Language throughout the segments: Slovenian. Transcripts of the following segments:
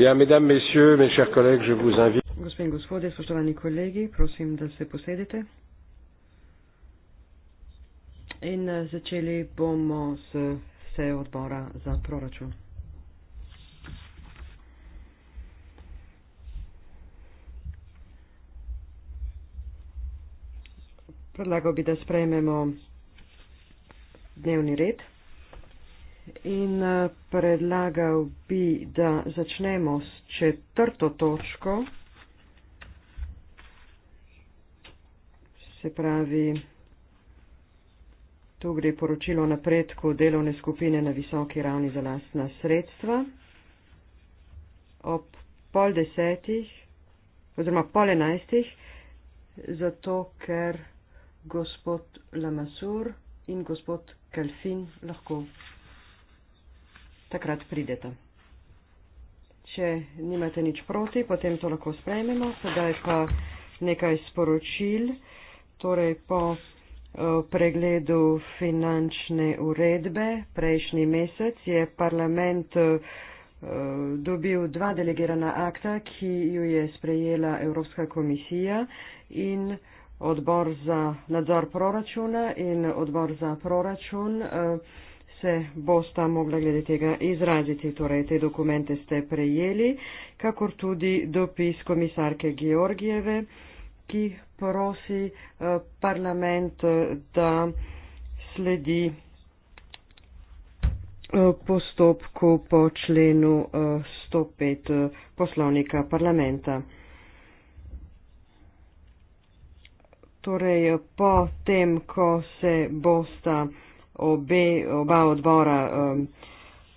Bien, mesdames, messieurs, mes chers collègues, je vous invite. Gospe in gospode, spoštovani kolegi, prosim, da se posedete. In eh, začeli bomo s sejo odbora za proračun. Predlagal bi, da sprejmemo dnevni red in eh, predlagal bi, da začnemo s četrto točko, se pravi, tu gre poročilo o napredku delovne skupine na visoki ravni za lastna sredstva. Ob pol desetih oziroma pol enajstih, zato ker gospod Lamasur in gospod Kalfin lahko takrat prideta. Če nimate nič proti, potem to lahko sprejmemo. Sedaj pa nekaj sporočil. Torej, po eh, pregledu finančne uredbe prejšnji mesec je parlament eh, dobil dva delegirana akta, ki ju je sprejela Evropska komisija in odbor za nadzor proračuna in odbor za proračun. Uh, se bosta mogla glede tega izraziti. Torej, te dokumente ste prejeli, kakor tudi dopis komisarke Georgijeve, ki prosi eh, parlament, eh, da sledi eh, postopku po členu 105 poslovnika parlamenta. Torej, po tem, ko se bosta obe, oba odbora um,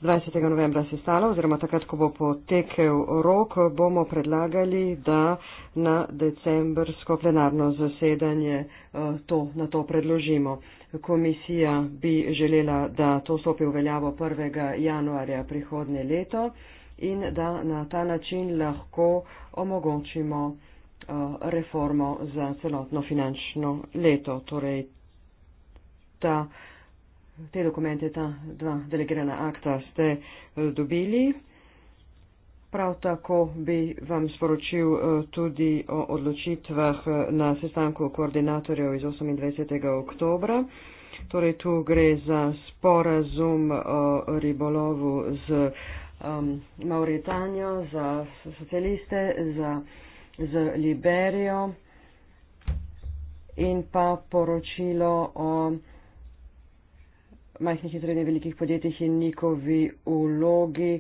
20. novembra se stala oziroma takrat, ko bo potekel rok, bomo predlagali, da na decembrsko plenarno zasedanje uh, to, na to predložimo. Komisija bi želela, da to stopi v veljavo 1. januarja prihodnje leto in da na ta način lahko omogočimo eh, reformo za celotno finančno leto. Torej, ta uh, te dokumente, ta dva delegirana akta ste eh, dobili. Prav tako bi vam sporočil eh, tudi o odločitvah eh, na sestanku koordinatorjev iz 28. oktobra. Torej, tu gre za sporazum o ribolovu z um, Mauritanijo, za socialiste, za, z Liberijo in pa poročilo o majhnih in srednje velikih podjetjih in njihovi vlogi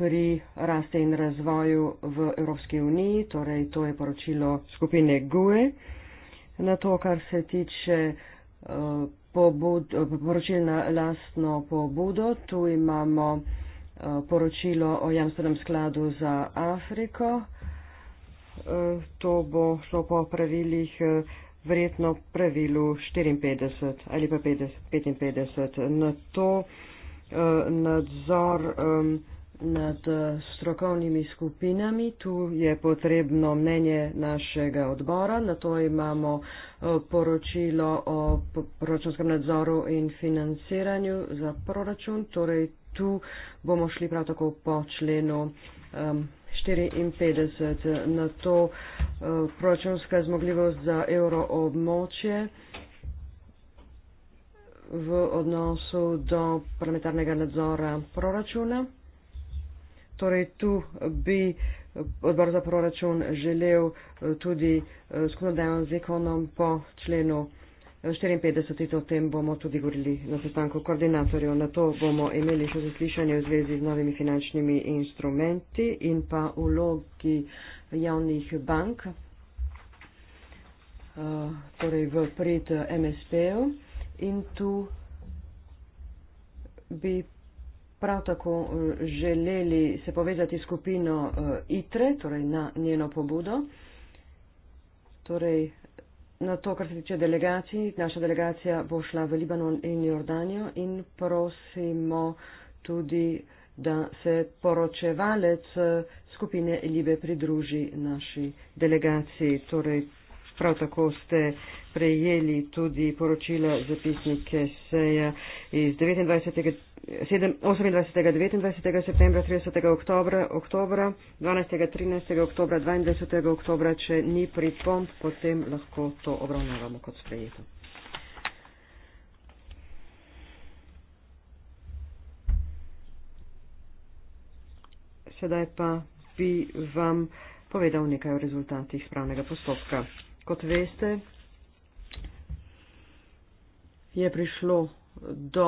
pri raste in razvoju v Evropski uniji. Torej, to je poročilo skupine GUE. Na to, kar se tiče uh, poročil na lastno pobudo, tu imamo uh, poročilo o jamstvenem skladu za Afriko. Uh, to bo šlo po pravilih. Uh, verjetno v pravilu 54 ali pa 55. Na to eh, nadzor nad strokovnimi skupinami, tu je potrebno mnenje našega odbora, na to imamo eh, poročilo o proračunskem nadzoru in financiranju za proračun, torej tu bomo šli prav tako po členu. 54, na to eh, proračunska zmogljivost za evro območje v odnosu do parlamentarnega nadzora proračuna. Torej tu bi odbor za proračun želel eh, tudi eh, skupno dejavnost z ekonom po členu 54. o tem bomo tudi govorili na sestanku koordinatorjev. Na to bomo imeli še zaslišanje v zvezi z novimi finančnimi instrumenti in pa vlogi javnih bank, eh, torej v pred MSP-ju. In tu bi prav tako eh, želeli se povezati skupino eh, ITRE, torej na njeno pobudo. Torej, na to, kar se tiče delegacij, naša delegacija bo šla v Libanon in Jordanijo in prosimo tudi, da se poročevalec skupine Libe pridruži naši delegaciji. Torej, prav tako ste prejeli tudi poročila zapisnike seja iz 29. 28. 29. septembra, 30. oktobra, oktobra 12. 13. oktobra, 22. oktobra, če ni pripomp, potem lahko to obravnavamo kot sprejeto. Sedaj pa bi vam povedal nekaj o rezultatih spravnega postopka. Kot veste, je prišlo do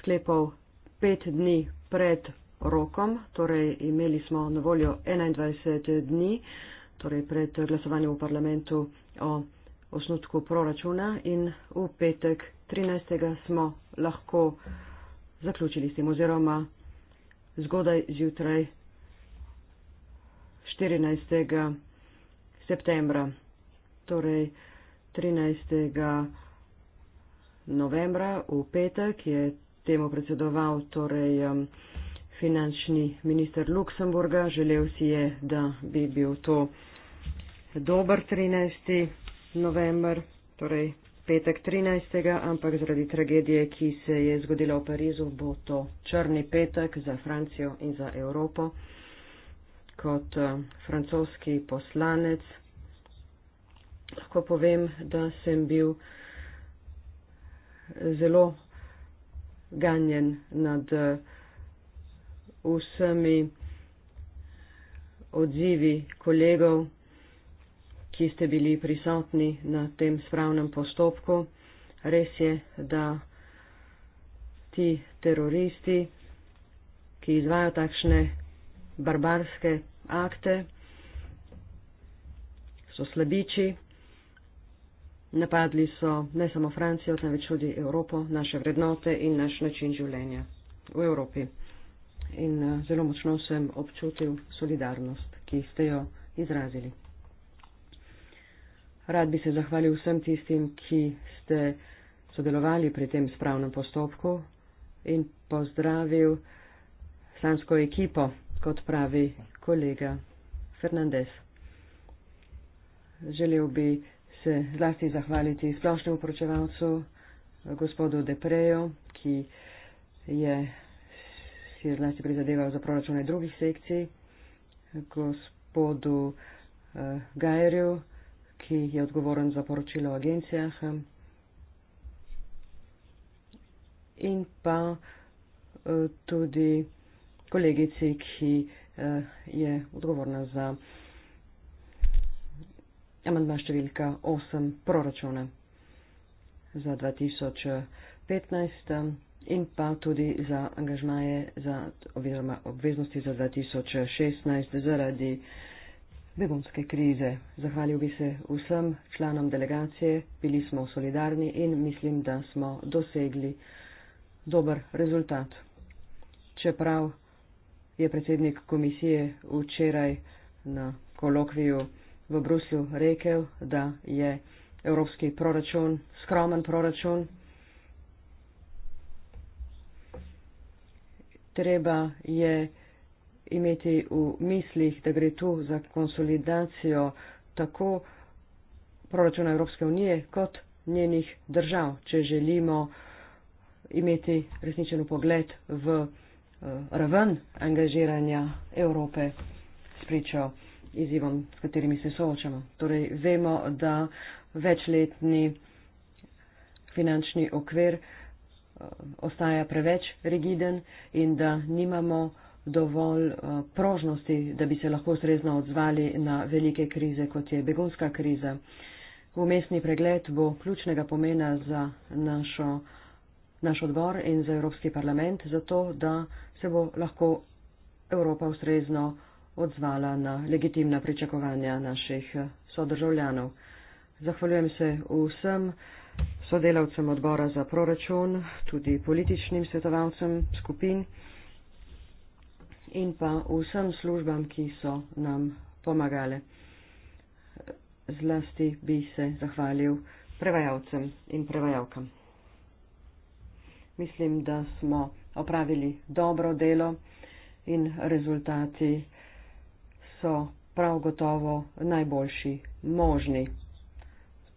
sklepov pet dni pred rokom, torej imeli smo na voljo 21 dni, torej pred glasovanjem v parlamentu o osnutku proračuna in v petek 13. smo lahko zaključili s tem oziroma zgodaj zjutraj 14. septembra, torej 13. novembra v petek je temu predsedoval torej um, finančni minister Luksemburga. Želel si je, da bi bil to dober 13. november, torej petek 13. ampak zaradi tragedije, ki se je zgodila v Parizu, bo to črni petek za Francijo in za Evropo. Kot um, francoski poslanec lahko povem, da sem bil zelo ganjen nad eh, vsemi odzivi kolegov, ki ste bili prisotni na tem spravnem postopku. Res je, da ti teroristi, ki izvajo takšne barbarske akte, so slabiči. Napadli so ne samo Francijo, temveč tudi Evropo, naše vrednote in naš način življenja v Evropi. In eh, zelo močno sem občutil solidarnost, ki ste jo izrazili. Rad bi se zahvalil vsem tistim, ki ste sodelovali pri tem spravnem postopku in pozdravil slansko ekipo, kot pravi kolega Fernandez. Želel bi se zlasti zahvaliti splošnemu poročevalcu eh, gospodu Depreju, ki je si je zlasti prizadeval za proračune drugih sekcij, gospodu uh, Gajerju, ki je odgovoren za poročilo o agencijah eh, in pa uh, tudi kolegici, ki uh, je odgovorna za uh, amandma številka 8 proračuna za 2015 um, in pa tudi za angažmaje za oziroma obveznosti za 2016 zaradi begunske krize. Zahvalil bi se vsem članom delegacije, bili smo solidarni in mislim, da smo dosegli dober rezultat. Čeprav je predsednik komisije včeraj na kolokviju v Bruslju rekel, da je evropski proračun skromen proračun. Treba je imeti v mislih, da gre tu za konsolidacijo tako proračuna Evropske unije kot njenih držav, če želimo imeti resničen pogled v eh, raven angažiranja Evrope s pričo izzivom, s katerimi se soočamo. Torej, vemo, da večletni finančni okvir eh, ostaja preveč rigiden in da nimamo dovolj eh, prožnosti, da bi se lahko srezno odzvali na velike krize, kot je begunska kriza. Umestni pregled bo ključnega pomena za našo, naš odbor in za Evropski parlament, zato da se bo lahko Evropa ustrezno odzvala odzvala na legitimna pričakovanja naših eh, sodržavljanov. Zahvaljujem se vsem sodelavcem odbora za proračun, tudi političnim svetovalcem skupin in pa vsem službam, ki so nam pomagale. Zlasti bi se zahvalil prevajalcem in prevajalkam. Mislim, da smo opravili dobro delo in rezultati so prav gotovo najboljši možni.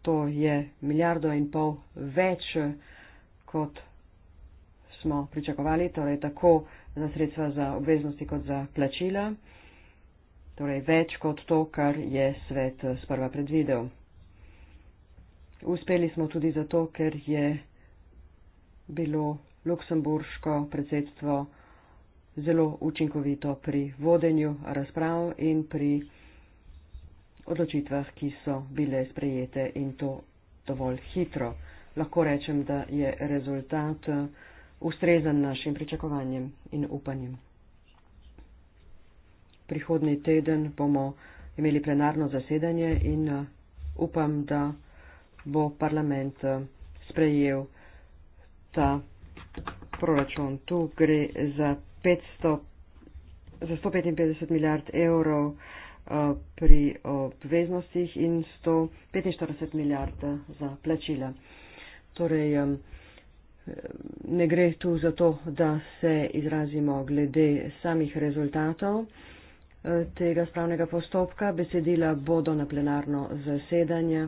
To je milijardo in pol več, kot smo pričakovali, torej tako za sredstva za obveznosti kot za plačila, torej več kot to, kar je svet sprva predvidel. Uspeli smo tudi zato, ker je bilo luksemburško predsedstvo zelo učinkovito pri vodenju razprav in pri odločitvah, ki so bile sprejete in to dovolj hitro. Lahko rečem, da je rezultat eh, ustrezan našim pričakovanjem in upanjem. Prihodni teden bomo imeli plenarno zasedanje in eh, upam, da bo parlament eh, sprejel ta proračun. Tu gre za 500, za 155 milijard evrov eh, pri obveznostih in 145 milijard eh, za plačila. Torej, ne gre tu za to, da se izrazimo glede samih rezultatov eh, tega spravnega postopka. Besedila bodo na plenarno zasedanje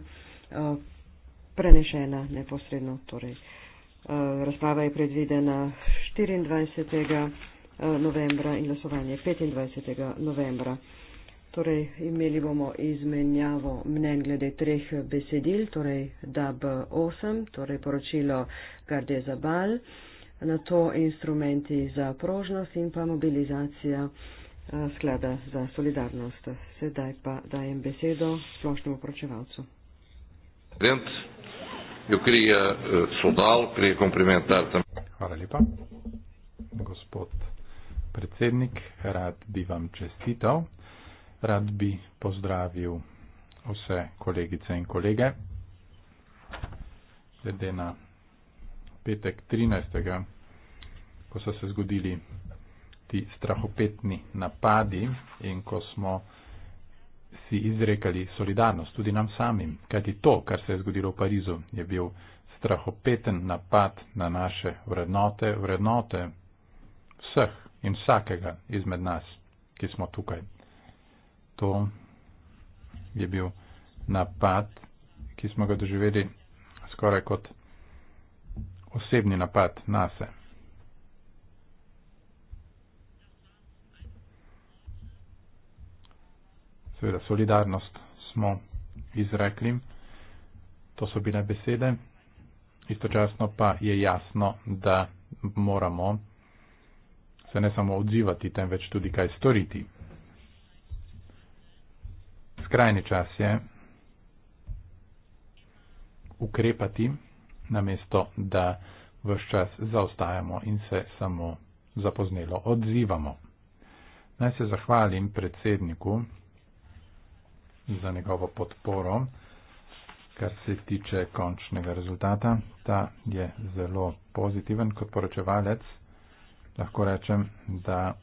prenešena neposredno. Torej, razprava je predvidena 24. Eh, novembra in glasovanje 25. novembra. Torej, imeli bomo izmenjavo mnen glede treh besedil, torej DAB 8, torej poročilo Garde za bal, na to instrumenti za prožnost in pa mobilizacija eh, sklada za solidarnost. Sedaj pa dajem besedo splošnemu poročevalcu. Eh, Hvala lepa. Gospod predsednik, rad bi vam čestital, rad bi pozdravil vse kolegice in kolege. Glede na petek 13., ko so se zgodili ti strahopetni napadi in ko smo si izrekali solidarnost tudi nam samim, kajti to, kar se je zgodilo v Parizu, je bil strahopeten napad na naše vrednote, vrednote vseh in vsakega izmed nas, ki smo tukaj. To je bil napad, ki smo ga doživeli skoraj kot osebni napad nase. Seveda solidarnost smo izrekli, to so bile besede, istočasno pa je jasno, da moramo se ne samo odzivati, temveč tudi kaj storiti. Skrajni čas je ukrepati, namesto da vse čas zaostajamo in se samo zapoznelo odzivamo. Naj se zahvalim predsedniku za njegovo podporo, kar se tiče končnega rezultata. Ta je zelo pozitiven kot poročevalec lahko rečem, da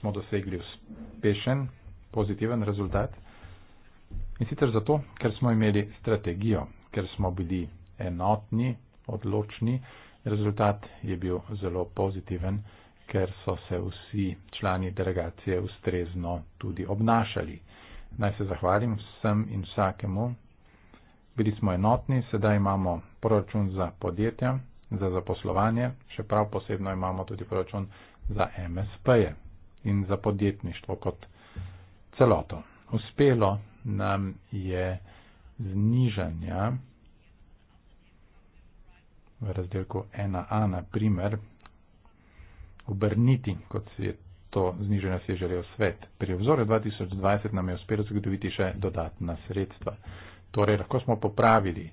smo dosegli uspešen, pozitiven rezultat. In sicer zato, ker smo imeli strategijo, ker smo bili enotni, odločni, rezultat je bil zelo pozitiven, ker so se vsi člani delegacije ustrezno tudi obnašali. Naj se zahvalim vsem in vsakemu. Bili smo enotni, sedaj imamo proračun za podjetja, za zaposlovanje, še prav posebno imamo tudi proračun za MSP-je in za podjetništvo kot celoto. Uspelo nam je znižanja v razdelku 1a na primer obrniti, kot se je to znižanje si je želel svet. Pri obzore 2020 nam je uspelo zagotoviti še dodatna sredstva. Torej lahko smo popravili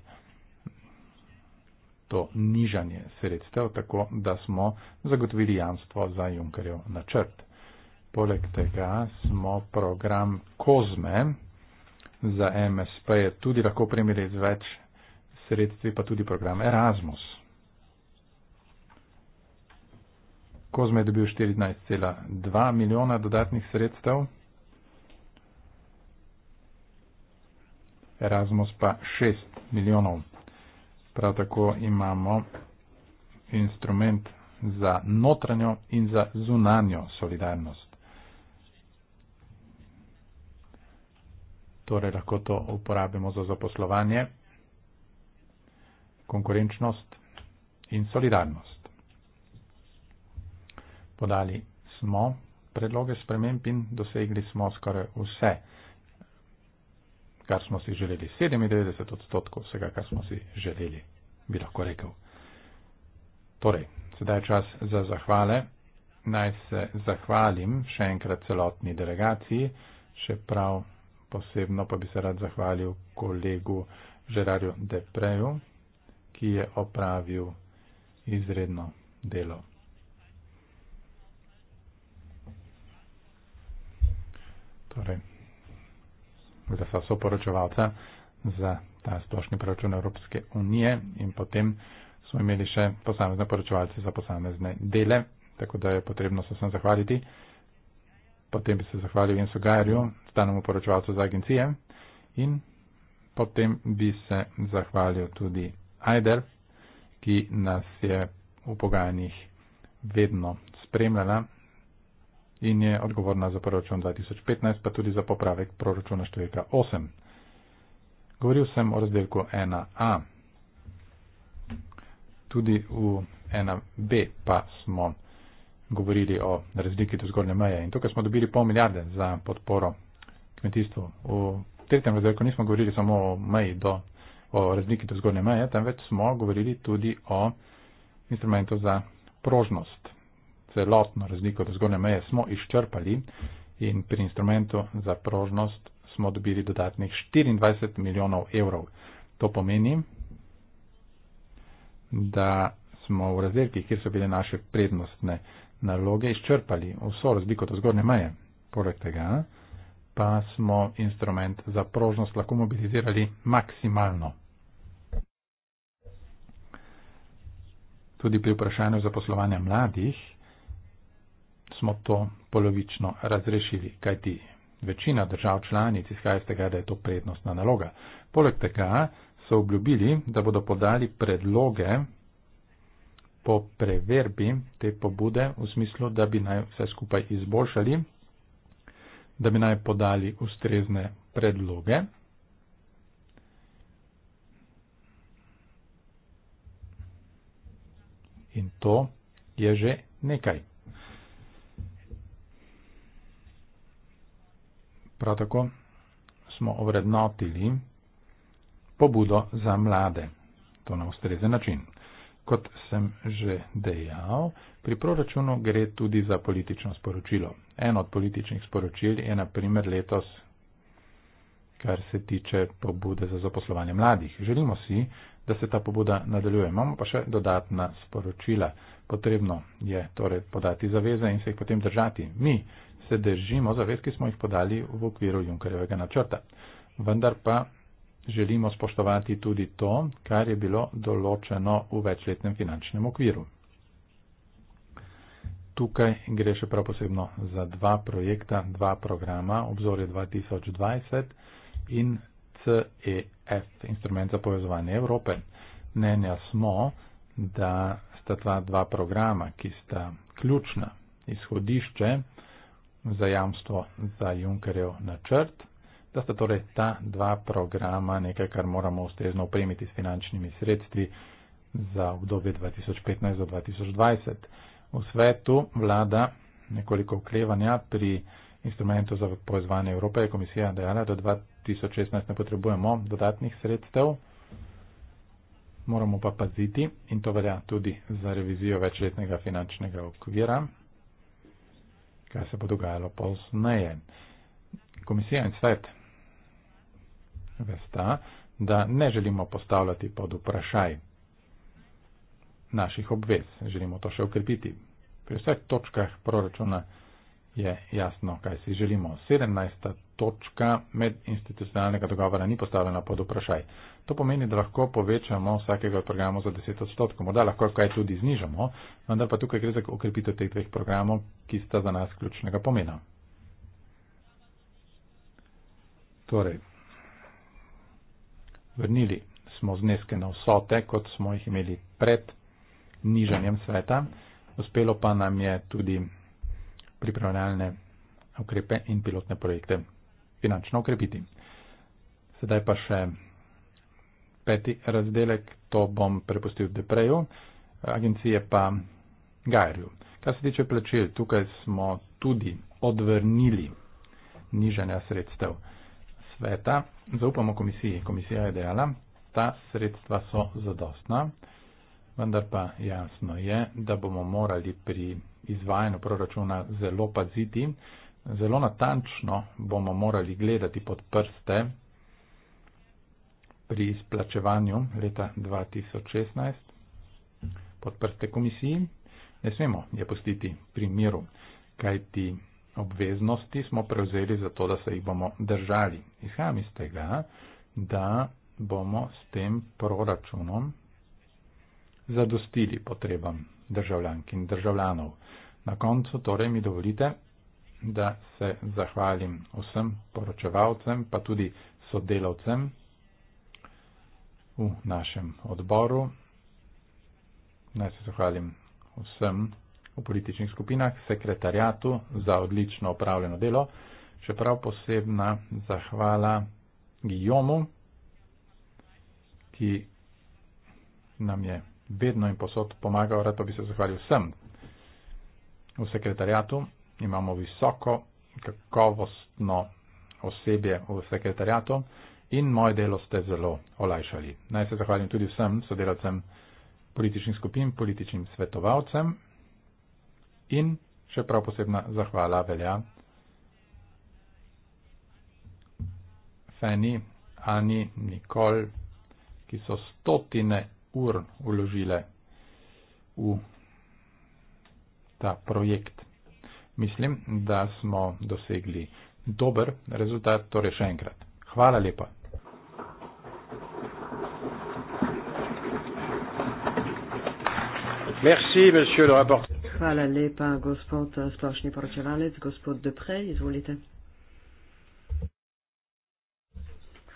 to nižanje sredstev, tako da smo zagotovili jamstvo za Junkerjev načrt. Poleg tega smo program COSME za MSP je tudi lahko primerjali z več sredstvi, pa tudi program Erasmus. Kozme je dobil 14,2 milijona dodatnih sredstev, Erasmus pa 6 milijonov. Prav tako imamo instrument za notranjo in za zunanjo solidarnost. Torej lahko to uporabimo za zaposlovanje, konkurenčnost in solidarnost. Podali smo predloge spremembin, dosegli smo skoraj vse kar smo si želeli. 97 odstotkov vsega, kar smo si želeli, bi lahko rekel. Torej, sedaj je čas za zahvale. Naj se zahvalim še enkrat celotni delegaciji, še prav posebno pa bi se rad zahvalil kolegu Žerarju Depreju, ki je opravil izredno delo. Torej, za vsa soporočevalca, za ta splošni proračun Evropske unije in potem smo imeli še posamezne poročevalce za posamezne dele, tako da je potrebno se vsem zahvaliti. Potem bi se zahvalil Jensu Gajerju, stanemu poročevalcu za agencije in potem bi se zahvalil tudi Ajder, ki nas je v pogajanjih vedno spremljala in je odgovorna za proračun 2015, pa tudi za popravek proračuna številka 8. Govoril sem o razdelku 1a. Tudi v 1b pa smo govorili o razliki do zgornje meje in tukaj smo dobili pol milijarde za podporo kmetijstvu. V tretjem razdelku nismo govorili samo o meji do o razliki do zgornje meje, temveč smo govorili tudi o instrumentu za prožnost celotno razliko do zgornje meje smo izčrpali in pri instrumentu za prožnost smo dobili dodatnih 24 milijonov evrov. To pomeni, da smo v razdelkih, kjer so bile naše prednostne naloge, izčrpali vso razliko do zgornje meje. Poleg tega pa smo instrument za prožnost lahko mobilizirali maksimalno. Tudi pri vprašanju zaposlovanja mladih smo to polovično razrešili, kajti večina držav članic izhaja iz tega, da je to prednostna naloga. Poleg tega so obljubili, da bodo podali predloge po preverbi te pobude v smislu, da bi naj vse skupaj izboljšali, da bi naj podali ustrezne predloge. In to je že nekaj. Prav tako smo ovrednotili pobudo za mlade. To na ustrezen način. Kot sem že dejal, pri proračunu gre tudi za politično sporočilo. Eno od političnih sporočil je naprimer letos, kar se tiče pobude za zaposlovanje mladih. Želimo si, da se ta pobuda nadaljuje. Imamo pa še dodatna sporočila. Potrebno je torej podati zaveze in se jih potem držati. Mi se držimo zavez, ki smo jih podali v okviru Junkerjevega načrta. Vendar pa želimo spoštovati tudi to, kar je bilo določeno v večletnem finančnem okviru. Tukaj gre še prav posebno za dva projekta, dva programa, obzorje 2020 in CEF, instrument za povezovanje Evrope. Mnenja smo, da sta ta dva programa, ki sta ključna izhodišče za jamstvo za Junkerjev načrt, da sta torej ta dva programa nekaj, kar moramo ustrezno opremiti s finančnimi sredstvi za obdobje 2015 do 2020. V svetu vlada nekoliko oklevanja pri instrumentu za povezovanje Evrope je komisija dejala, da do 2016 ne potrebujemo dodatnih sredstev, moramo pa paziti in to velja tudi za revizijo večletnega finančnega okvira, kaj se bo dogajalo pozneje. Komisija in svet vesta, da ne želimo postavljati pod vprašaj naših obvez, želimo to še ukrepiti. Pri vseh točkah proračuna je jasno, kaj si želimo. 17. točka medinstitucionalnega dogovora ni postavljena pod vprašaj. To pomeni, da lahko povečamo vsakega od programov za 10 odstotkov. Morda lahko kaj tudi znižamo, vendar pa tukaj gre za okrepitev teh dveh programov, ki sta za nas ključnega pomena. Torej, vrnili smo zneske na vsote, kot smo jih imeli pred nižanjem sveta. Uspelo pa nam je tudi pripravljalne ukrepe in pilotne projekte finančno ukrepiti. Sedaj pa še peti razdelek, to bom prepustil Depreju, agencije pa Gajerju. Kar se tiče plačil, tukaj smo tudi odvrnili niženja sredstev sveta. Zaupamo komisiji, komisija je dejala, ta sredstva so zadostna, vendar pa jasno je, da bomo morali pri izvajanju proračuna zelo paziti, zelo natančno bomo morali gledati pod prste pri izplačevanju leta 2016 pod prste komisiji. Ne smemo je pustiti pri miru, kajti obveznosti smo prevzeli za to, da se jih bomo držali. Izhajam iz tega, da bomo s tem proračunom zadostili potrebam državljank in državljanov. Na koncu torej mi dovolite, da se zahvalim vsem poročevalcem, pa tudi sodelavcem v našem odboru. Naj se zahvalim vsem v političnih skupinah, sekretarjatu za odlično opravljeno delo, čeprav posebna zahvala Gijomu, ki nam je vedno in posod pomagal, rad pa bi se zahvalil vsem V sekretarijatu imamo visoko kakovostno osebje v sekretarijatu in moje delo ste zelo olajšali. Naj se zahvalim tudi vsem sodelavcem političnih skupin, političnim svetovalcem in še prav posebna zahvala velja Feni, Ani, Nikol, ki so stotine ur uložile v ta projekt. Mislim, da smo dosegli dober rezultat, torej še enkrat. Hvala lepa. Merci, monsieur le rapporteur. Hvala lepa, gospod splošni poročevalec, gospod Deprej, izvolite.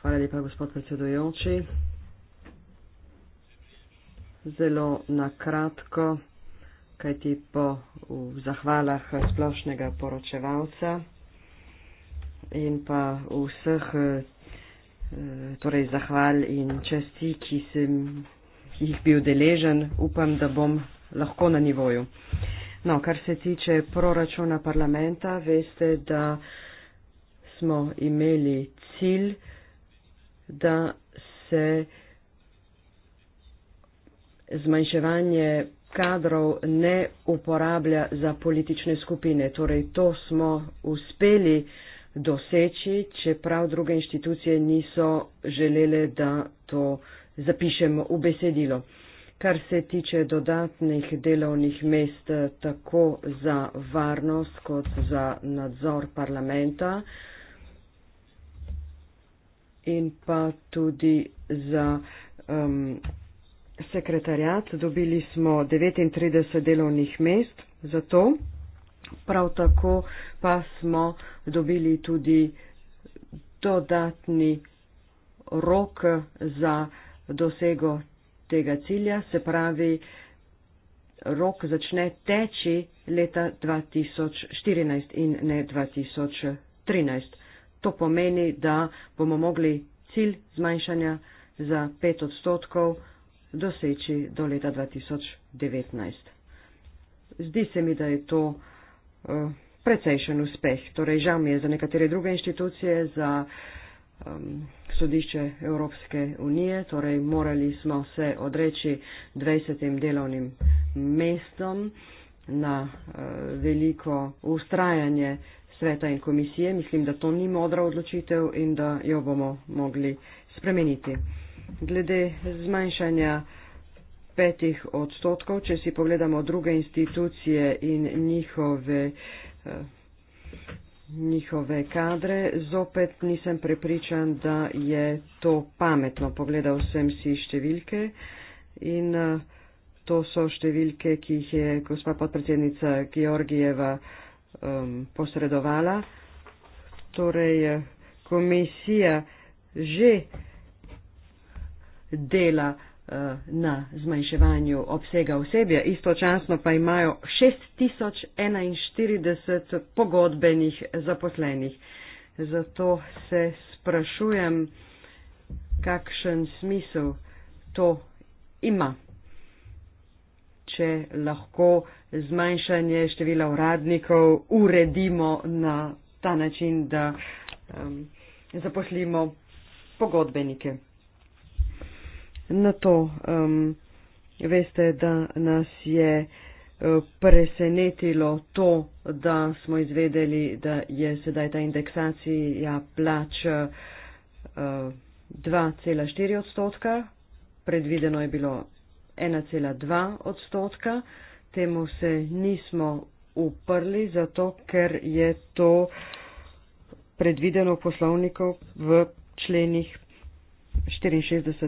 Hvala lepa, gospod predsedujoči. Zelo nakratko kajti po zahvalah splošnega poročevalca in pa vseh eh, torej zahval in časti, ki sem jih bil deležen, upam, da bom lahko na nivoju. No, kar se tiče proračuna parlamenta, veste, da smo imeli cilj, da se zmanjševanje kadrov ne uporablja za politične skupine. Torej, to smo uspeli doseči, čeprav druge inštitucije niso želele, da to zapišemo v besedilo. Kar se tiče dodatnih delovnih mest tako za varnost kot za nadzor parlamenta in pa tudi za um, sekretarjat, dobili smo 39 delovnih mest za to, prav tako pa smo dobili tudi dodatni rok za dosego tega cilja, se pravi, rok začne teči leta 2014 in ne 2013. To pomeni, da bomo mogli cilj zmanjšanja za 5 odstotkov doseči do leta 2019. Zdi se mi, da je to uh, precejšen uspeh. Torej, žal mi je za nekatere druge inštitucije, za um, sodišče Evropske unije, torej morali smo se odreči 20 delovnim mestom na uh, veliko ustrajanje sveta in komisije. Mislim, da to ni modra odločitev in da jo bomo mogli spremeniti glede zmanjšanja petih odstotkov, če si pogledamo druge institucije in njihove, eh, njihove kadre, zopet nisem prepričan, da je to pametno. Pogledal sem si številke in eh, to so številke, ki jih je gospa podpredsednica Georgijeva um, posredovala. Torej, eh, komisija že dela eh, na zmanjševanju obsega osebja, istočasno pa imajo 6041 pogodbenih zaposlenih. Zato se sprašujem, kakšen smisel to ima, če lahko zmanjšanje števila uradnikov uredimo na ta način, da um, zaposlimo pogodbenike na to, um, veste, da nas je eh, presenetilo to, da smo izvedeli, da je sedaj ta indeksacija plač uh, eh, 2,4 odstotka, predvideno je bilo 1,2 odstotka, temu se nismo uprli, zato ker je to predvideno poslovnikov v členih 64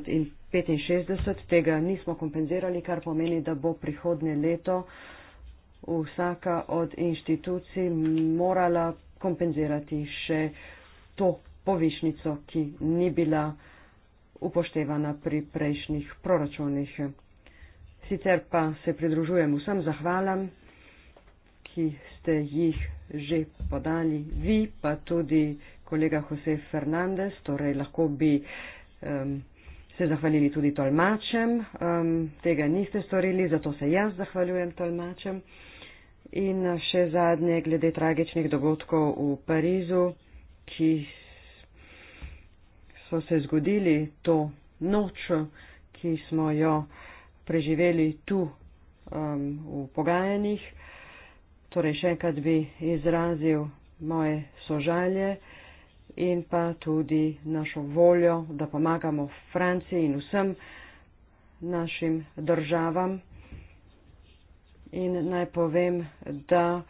in 65. 65, tega nismo kompenzirali, kar pomeni, da bo prihodnje leto vsaka od inštitucij morala kompenzirati še to povišnico, ki ni bila upoštevana pri prejšnjih proračunih. Sicer pa se pridružujem vsem zahvalam, ki ste jih že podali vi, pa tudi kolega Jose Fernandez, torej lahko bi um, se zahvalili tudi tolmačem, um, tega niste storili, zato se jaz zahvaljujem tolmačem. In še zadnje, glede tragičnih dogodkov v Parizu, ki so se zgodili to noč, ki smo jo preživeli tu um, v pogajanjih. Torej, še enkrat bi izrazil moje sožalje in pa tudi našo voljo, da pomagamo Franciji in vsem našim državam. In naj povem, da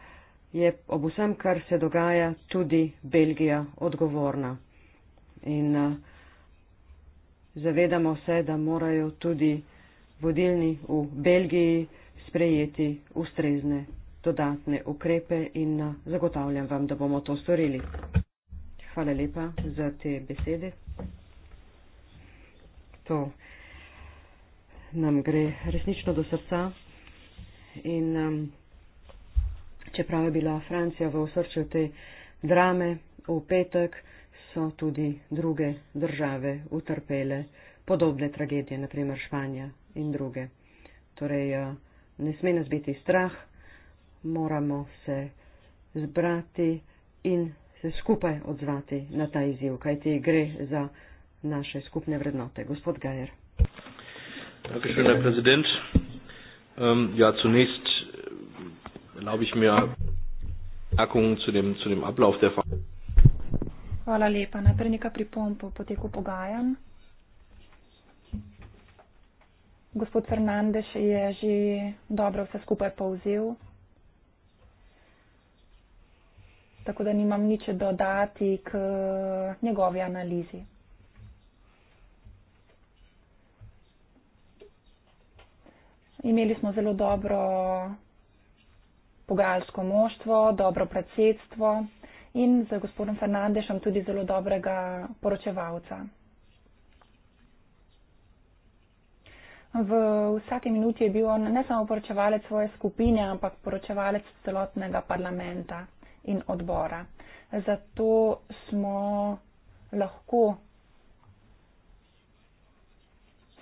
je ob vsem, kar se dogaja, tudi Belgija odgovorna. In eh, zavedamo se, da morajo tudi vodilni v Belgiji sprejeti ustrezne dodatne ukrepe in eh, zagotavljam vam, da bomo to storili. Hvala lepa za te besede. To nam gre resnično do srca. In um, čeprav je bila Francija v osrčju te drame, v petek so tudi druge države utrpele podobne tragedije, naprimer Španija in druge. Torej, uh, ne sme nas biti strah, moramo se zbrati in se skupaj odzvati na ta izziv, kaj ti gre za naše skupne vrednote. Gospod Gajer. Danke schön, Herr Präsident. Ähm, ja, zunächst äh, erlaube ich mir Bemerkungen zu dem, zu dem Ablauf der Verhandlungen. Gospod Fernandes je že dobro vse skupaj povzel, tako da nimam nič dodati k eh, njegovi analizi. Imeli smo zelo dobro pogajalsko moštvo, dobro predsedstvo in z gospodom Fernandešem tudi zelo dobrega poročevalca. V vsaki minuti je bil on ne samo poročevalec svoje skupine, ampak poročevalec celotnega parlamenta in odbora. Zato smo lahko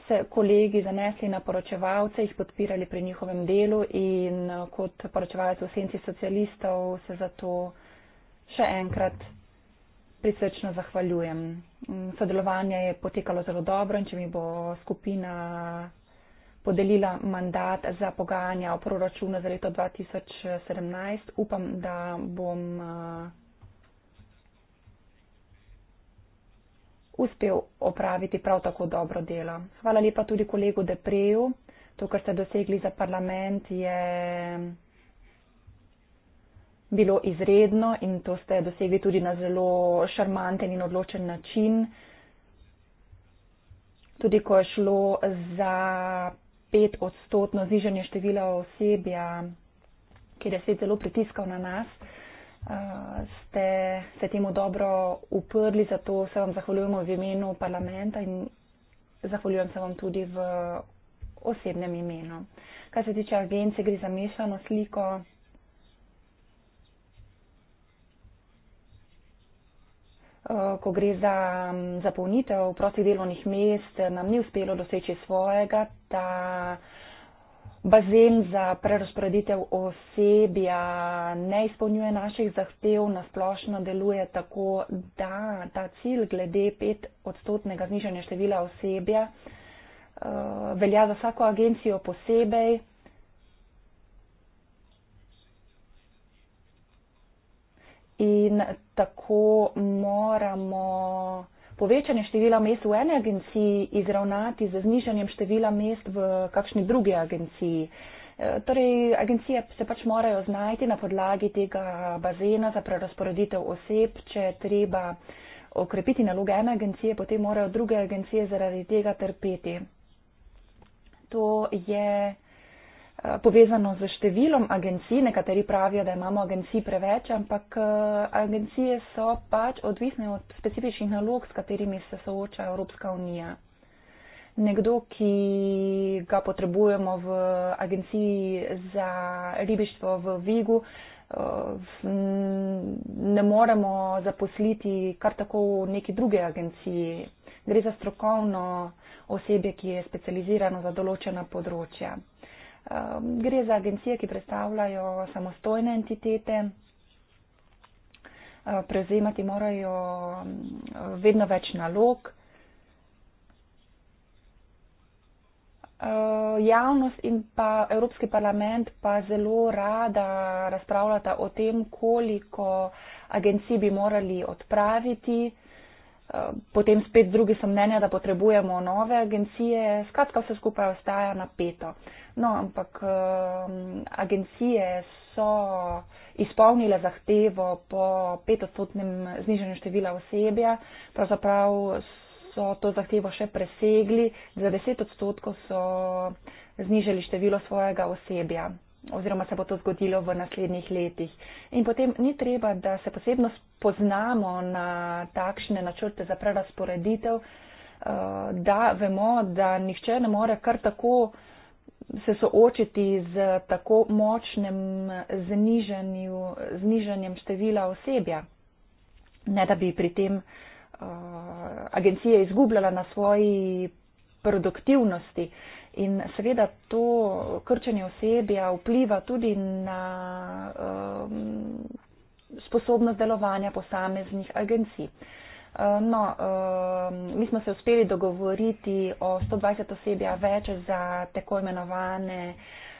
se kolegi zanesli na poročevalce, jih podpirali pri njihovem delu in kot poročevalec v senci socialistov se zato še enkrat prisrčno zahvaljujem. Sodelovanje je potekalo zelo dobro in če mi bo skupina podelila mandat za pogajanja o proračunu za leto 2017. Upam, da bom eh, uspel opraviti prav tako dobro delo. Hvala lepa tudi kolegu Depreju. To, kar ste dosegli za parlament, je bilo izredno in to ste dosegli tudi na zelo šarmanten in odločen način. Tudi ko je šlo za pet odstotno zvižanje števila osebja, ki je svet zelo pritiskal na nas, eh, ste se temu dobro uprli, zato se vam zahvaljujemo v imenu parlamenta in zahvaljujem se vam tudi v osebnem imenu. Kar se tiče agencije, gre za mešano sliko, Eh, ko gre za mm, zapolnitev prostih delovnih mest, nam ni uspelo doseči svojega, ta bazen za prerasporeditev osebja ne izpolnjuje naših zahtev, nasplošno deluje tako, da ta cilj glede pet odstotnega znižanja števila osebja eh, velja za vsako agencijo posebej. in tako moramo povečanje števila mest v eni agenciji izravnati z znižanjem števila mest v kakšni drugi agenciji. E, torej, agencije se pač morajo znajti na podlagi tega bazena za prerasporeditev oseb, če treba okrepiti naloge ene agencije, potem morajo druge agencije zaradi tega trpeti. To je. Eh, povezano z številom agencij. Nekateri pravijo, da imamo agencij preveč, ampak eh, agencije so pač odvisne od specifičnih nalog, s katerimi se sooča Evropska unija. Nekdo, ki ga potrebujemo v agenciji za ribištvo v Vigu, eh, ne moremo zaposliti kar tako v neki druge agenciji. Gre za strokovno osebje, ki je specializirano za določena področja. Ehm, gre za agencije, ki predstavljajo samostojne entitete. Ehm, prevzemati morajo ehm, vedno več nalog. Javnost in pa Evropski parlament pa zelo rada razpravljata o tem, koliko agencij bi morali odpraviti. Potem spet drugi so mnenja, da potrebujemo nove agencije. Skratka, vse skupaj ostaja napeto. No, ampak um, agencije so izpolnile zahtevo po petostotnem znižanju števila osebja, pravzaprav so to zahtevo še presegli, za deset odstotkov so znižali število svojega osebja oziroma se bo to zgodilo v naslednjih letih. In potem ni treba, da se posebno spoznamo na takšne načrte za prerasporeditev, uh, da vemo, da nihče ne more kar tako uh, se soočiti z tako močnim znižanjem števila osebja, ne da bi pri tem uh, agencija izgubljala na svoji produktivnosti. In seveda to krčenje osebja vpliva tudi na um, sposobnost delovanja posameznih agencij. Uh, Eh, no, eh, mi smo se uspeli dogovoriti o 120 osebi, a več za tako imenovane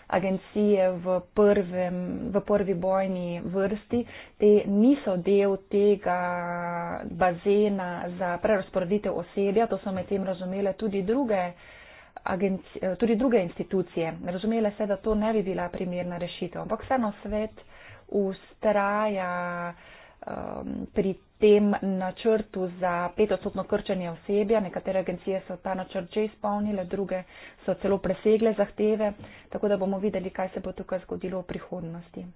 agencije v, prvem, v prvi bojni vrsti. Te niso del tega bazena za prerasporeditev osebja, to so medtem razumele tudi druge. Agencije, eh, tudi druge institucije. Razumele se, da to ne bi bila primerna rešitev, ampak vseeno svet ustraja um, pri tem načrtu za petodstotno krčanje osebja. Nekatere agencije so ta načrt že izpolnile, druge so celo presegle zahteve, tako da bomo videli, kaj se bo tukaj zgodilo v prihodnosti.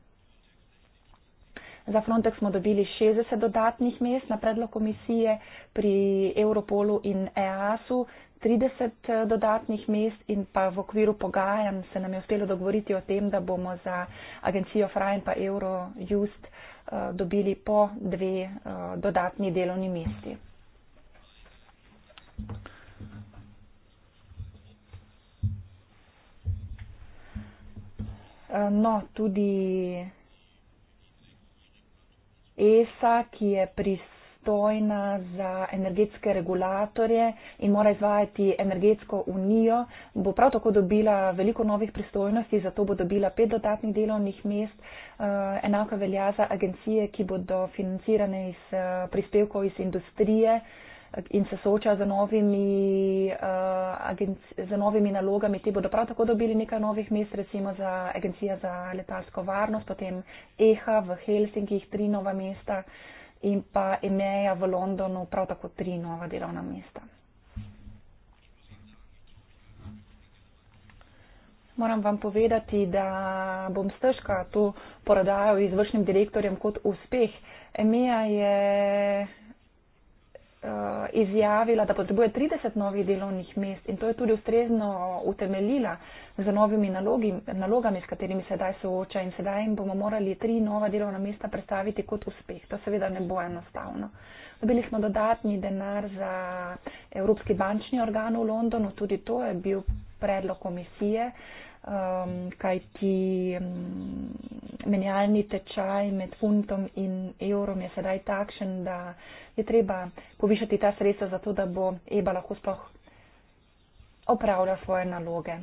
Za Frontex smo dobili 60 dodatnih mest na predlog komisije pri Europolu in EASu, 30 eh, dodatnih mest in pa v okviru pogajanj se nam je uspelo dogovoriti o tem, da bomo za agencijo Frajn pa Eurojust uh, Eh, dobili po dve eh, dodatni delovni mesti. Eh, no, tudi ESA, ki je pri pristojna za energetske regulatorje in mora izvajati energetsko unijo, bo prav tako dobila veliko novih pristojnosti, zato bo dobila pet dodatnih delovnih mest. Eh, enako velja za agencije, ki bodo financirane iz eh, prispevkov iz industrije eh, in se sooča z novimi, z novimi nalogami. Ti bodo prav tako dobili nekaj novih mest, recimo za agencija za letalsko varnost, potem EHA v Helsinkih, tri nova mesta in pa imeja v Londonu prav tako tri nova delovna mesta. Moram vam povedati, da bom stežka to porodajo izvršnim direktorjem kot uspeh. Emija je Eh, izjavila, da potrebuje 30 novih delovnih mest in to je tudi ustrezno utemeljila za novimi nalogi, nalogami, s katerimi se daj sooča in sedaj jim bomo morali tri nova delovna mesta predstaviti kot uspeh. To seveda ne bo enostavno. Dobili smo dodatni denar za Evropski bančni organ v Londonu, tudi to je bil predlog komisije. Uh, um, kajti mm, menjalni tečaj med funtom in evrom je sedaj takšen, da je treba povišati ta sredstva zato, da bo EBA lahko sploh opravlja svoje naloge.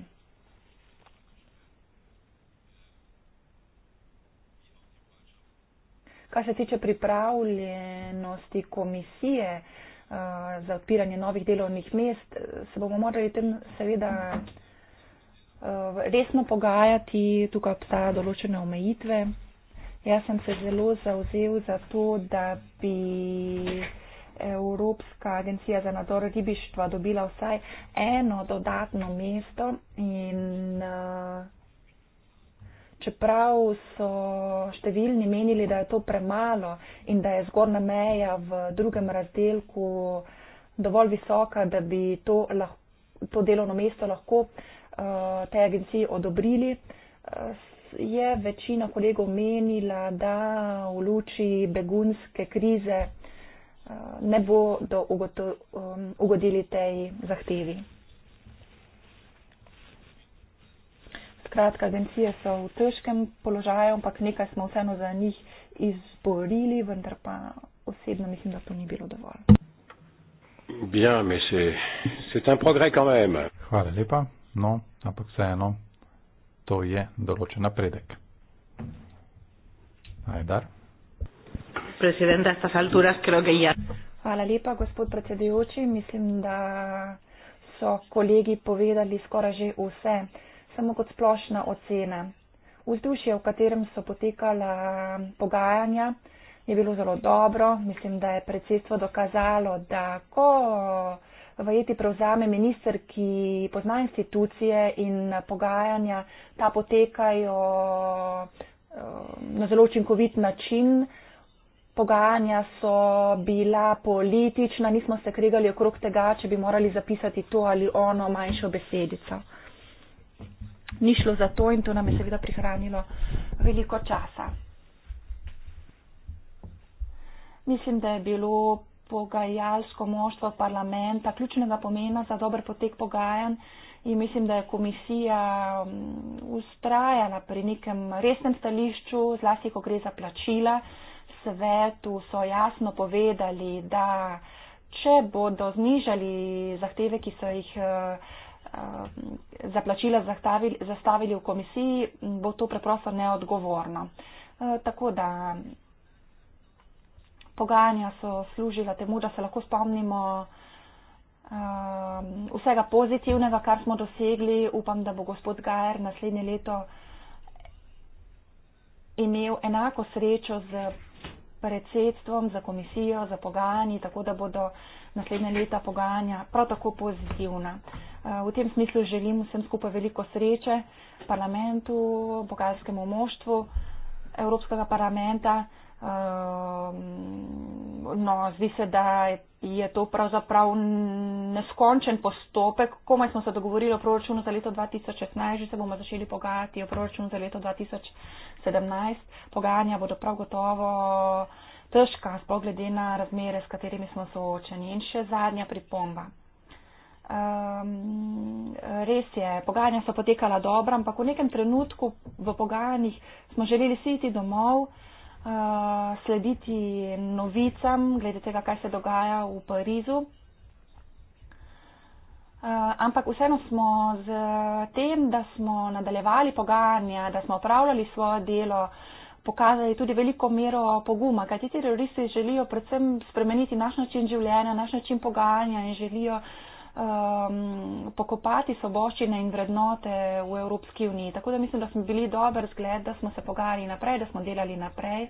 Kar se tiče pripravljenosti komisije uh, za odpiranje novih delovnih mest, eh, se bomo morali tem seveda uh, Eh, resno pogajati, tukaj obstajajo določene omejitve. Jaz sem se zelo zauzel za to, da bi Evropska agencija za nadzor ribištva dobila vsaj eno dodatno mesto in eh, čeprav so številni menili, da je to premalo in da je zgornja meja v drugem razdelku dovolj visoka, da bi to, lahko, to delovno mesto lahko Eh, te agencije odobrili, eh, je večina kolegov menila, da v luči begunske krize eh, ne bodo um, ugodili tej zahtevi. Skratka, agencije so v težkem položaju, ampak nekaj smo vseeno za njih izborili, vendar pa osebno mislim, da to ni bilo dovolj. Bien, mais c'est un progrès quand même. Voilà, les pas no, ampak vseeno, to je določen napredek. Najdar. Hvala lepa, gospod predsedujoči. Mislim, da so kolegi povedali skoraj že vse, samo kot splošna ocena. Vzdušje, v katerem so potekala pogajanja, je bilo zelo dobro. Mislim, da je predsedstvo dokazalo, da ko vajeti prevzame minister, ki pozna institucije in pogajanja, ta potekajo eh, na zelo učinkovit način. Pogajanja so bila politična, nismo se kregali okrog tega, če bi morali zapisati to ali ono manjšo besedico. Ni šlo za to in to nam je seveda prihranilo veliko časa. Mislim, da je bilo pogajalsko moštvo parlamenta, ključnega pomena za dober potek pogajanj in mislim, da je komisija ustrajala mm, pri nekem resnem stališču, zlasti ko gre za plačila. Svetu so jasno povedali, da če bodo znižali zahteve, ki so jih eh, eh, zaplačila zastavili v komisiji, bo to preprosto neodgovorno. Eh, tako da pogajanja so služila temu, da se lahko spomnimo um, vsega pozitivnega, kar smo dosegli. Upam, da bo gospod Gajer naslednje leto imel enako srečo z predsedstvom, z komisijo, z pogajanji, tako da bodo naslednje leta pogajanja prav tako pozitivna. Uh, v tem smislu želim vsem skupaj veliko sreče parlamentu, bogajskemu moštvu Evropskega parlamenta. Ehm, no, zdi se, da je to pravzaprav neskončen postopek. Komaj smo se dogovorili o proračunu za leto 2016, že se bomo začeli pogajati o proračunu za leto 2017. Pogajanja bodo prav gotovo težka, sploh glede na razmere, s katerimi smo soočeni. In še zadnja pripomba. Um, res je, pogajanja so potekala dobro, ampak v nekem trenutku v pogajanjih smo želeli siti domov, uh, Eh, slediti novicam glede tega, kaj se dogaja v Parizu. Eh, ampak vseeno smo z tem, da smo nadaljevali pogajanja, da smo opravljali svoje delo, pokazali tudi veliko mero poguma, kajti teroristi želijo predvsem spremeniti naš način življenja, naš način pogajanja in želijo um, pokopati soboščine in vrednote v Evropski uniji. Tako da mislim, da smo bili dober zgled, da smo se pogajali naprej, da smo delali naprej.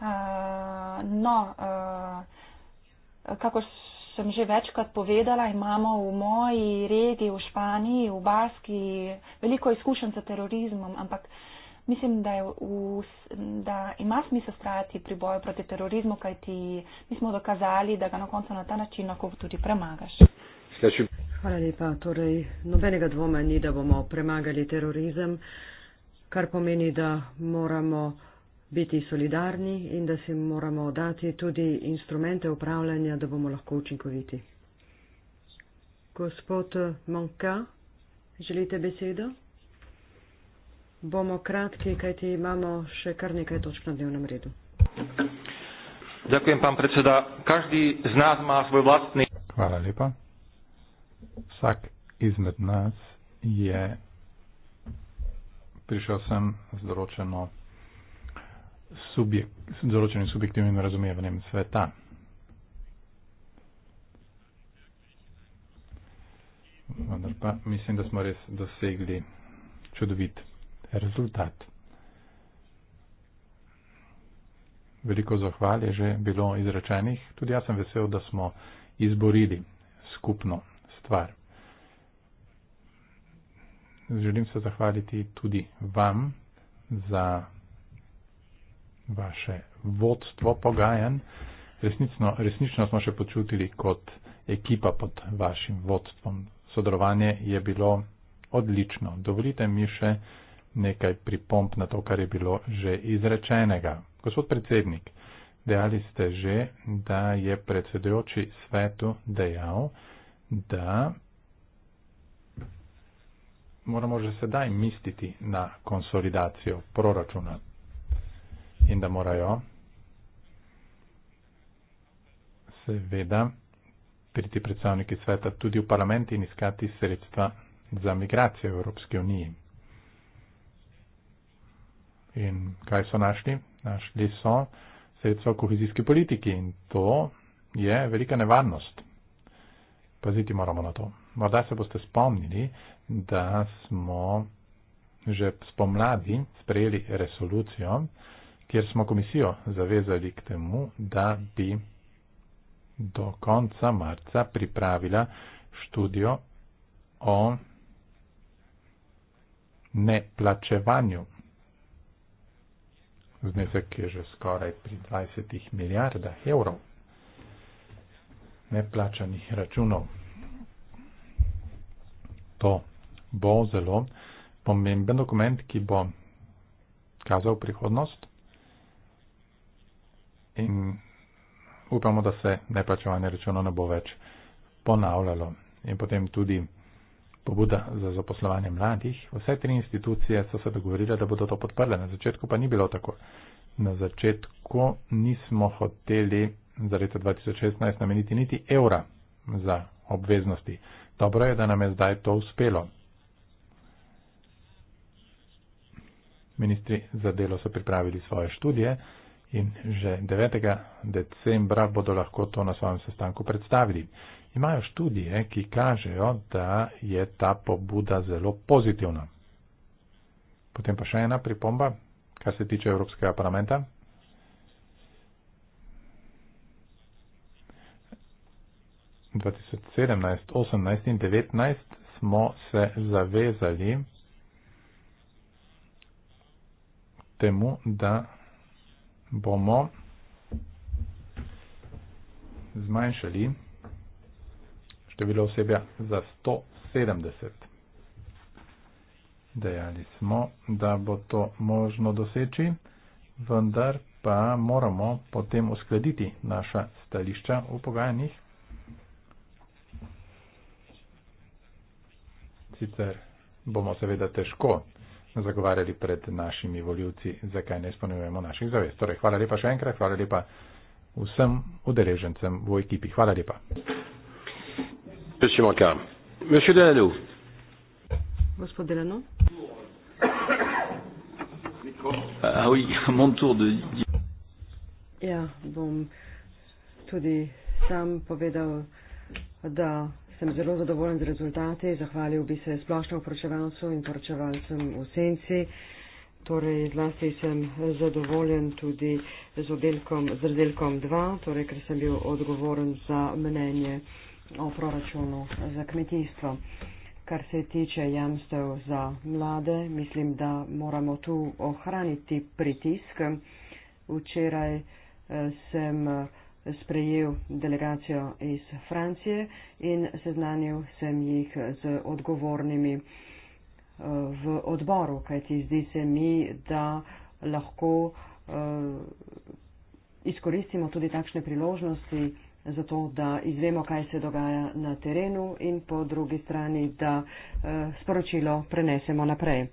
Uh, no, uh, kako sem že večkrat povedala, imamo v moji regiji, v Španiji, v Baski veliko izkušenj z terorizmom, ampak mislim, da, v, da ima smisel strati pri boju proti terorizmu, kajti mi smo dokazali, da ga na koncu na ta način lahko tudi premagaš. Hvala lepa. Torej, nobenega dvoma ni, da bomo premagali terorizem, kar pomeni, da moramo biti solidarni in da si moramo dati tudi instrumente upravljanja, da bomo lahko učinkoviti. Gospod Monka, želite besedo? Bomo kratki, kajti imamo še kar nekaj točk na dnevnem redu. Zahvaljujem, pan predseda. Každi z nas ima svoj vlastni. Hvala lepa vsak izmed nas je prišel sem z določeno subjek, določenim subjektivnim razumevanjem sveta. Vendar pa mislim, da smo res dosegli čudovit rezultat. Veliko zahval je že bilo izrečenih, tudi jaz sem vesel, da smo izborili skupno stvar. Želim se zahvaliti tudi vam za vaše vodstvo pogajanj. Resnično, resnično smo se počutili kot ekipa pod vašim vodstvom. Sodelovanje je bilo odlično. Dovolite mi še nekaj pripomp na to, kar je bilo že izrečenega. Gospod predsednik, dejali ste že, da je predsedujoči svetu dejal, da moramo že sedaj misliti na konsolidacijo proračuna in da morajo seveda priti predstavniki sveta tudi v parlament in iskati sredstva za migracijo v Evropski uniji. In kaj so našli? Našli so sredstva v kohezijski politiki in to je velika nevarnost paziti moramo na to. Morda se boste spomnili, da smo že spomladi sprejeli resolucijo, kjer smo komisijo zavezali k temu, da bi do konca marca pripravila študijo o neplačevanju. Znesek je že skoraj pri 20 milijardah evrov neplačanih računov. To bo zelo pomemben dokument, ki bo kazal prihodnost in upamo, da se neplačevanje računov ne bo več ponavljalo. In potem tudi pobuda za zaposlovanje mladih. Vse tri institucije so se dogovorile, da bodo to podprle. Na začetku pa ni bilo tako. Na začetku nismo hoteli za leto 2016 nameniti niti evra za obveznosti. Dobro je, da nam je zdaj to uspelo. Ministri za delo so pripravili svoje študije in že 9. decembra bodo lahko to na svojem sestanku predstavili. Imajo študije, ki kažejo, da je ta pobuda zelo pozitivna. Potem pa še ena pripomba, kar se tiče Evropskega parlamenta. 2017, 2018 in 2019 smo se zavezali temu, da bomo zmanjšali število osebja za 170. Dejali smo, da bo to možno doseči, vendar pa moramo potem uskladiti naša stališča v pogajanjih sicer bomo seveda težko zagovarjali pred našimi voljivci, zakaj ne izpolnjujemo naših zavez. Torej, hvala lepa še enkrat, hvala lepa vsem udeležencem v ekipi. Hvala lepa. Prišimo kam. Mišel je delu. Gospod Delano. Ah, oui, mon tour de... Ja, bom tudi sam povedal, da Sem zelo zadovoljen z rezultati. Zahvalil bi se splošno vpraševalcu in vpraševalcem v senci. Torej, zlasti sem zadovoljen tudi z oddelkom, z razdelkom 2, torej, ker sem bil odgovoren za mnenje o proračunu za kmetijstvo. Kar se tiče jamstev za mlade, mislim, da moramo tu ohraniti pritisk. Včeraj eh, sem sprejel delegacijo iz Francije in seznanil sem jih z odgovornimi eh, v odboru, kajti zdi se mi, da lahko eh, izkoristimo tudi takšne priložnosti za to, da izvemo, kaj se dogaja na terenu in po drugi strani, da eh, sporočilo prenesemo naprej.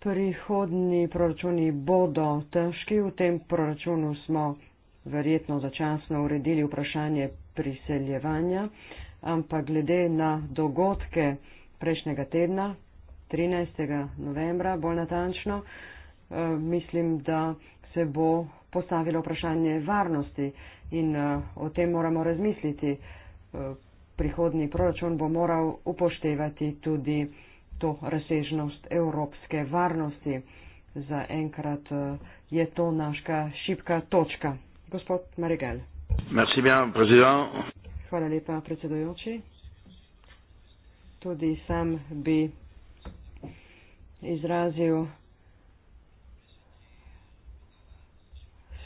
Prihodni proračuni bodo težki, v tem proračunu smo verjetno začasno uredili vprašanje priseljevanja, ampak glede na dogodke prejšnjega tedna, 13. novembra bolj natančno, eh, mislim, da se bo postavilo vprašanje varnosti in eh, o tem moramo razmisliti. Eh, Prihodni proračun bo moral upoštevati tudi to razsežnost evropske varnosti. Za enkrat je to naša šipka točka. Gospod Marigal. Merci bien, président. Hvala lepa, predsedujoči. Tudi sam bi izrazil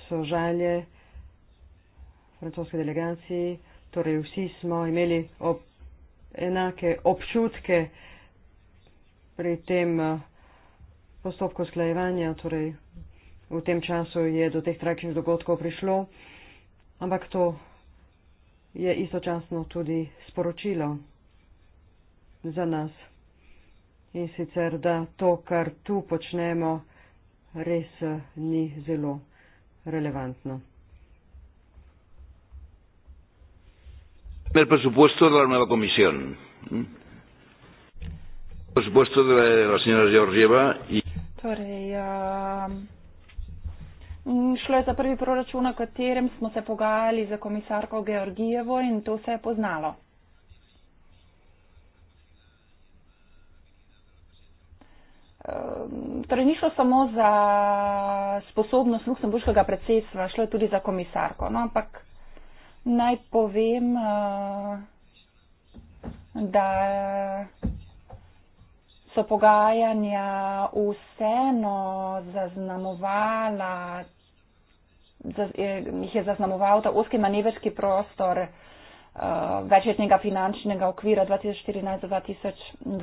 sožalje francoske delegaciji. Torej, vsi smo imeli ob enake občutke pri tem eh, postopku sklajevanja, torej v tem času je do teh tragičnih dogodkov prišlo, ampak to je istočasno tudi sporočilo za nas. In sicer, da to, kar tu počnemo, res eh, ni zelo relevantno. El presupuesto de la nueva comisión. ¿Mm? El presupuesto de la, de la señora Georgieva y. Torre, uh... Eh, Mm, šlo je za prvi proračun, o katerem smo se pogajali za komisarko Georgijevo in to se je poznalo. Ehm, torej ni šlo samo za sposobnost luksemburškega predsedstva, šlo je tudi za komisarko. No, ampak naj povem, eh, da so pogajanja vseeno zaznamovala, eh, jih je zaznamoval ta oski manevrski prostor uh, večletnega finančnega okvira 2014-2020. Uh,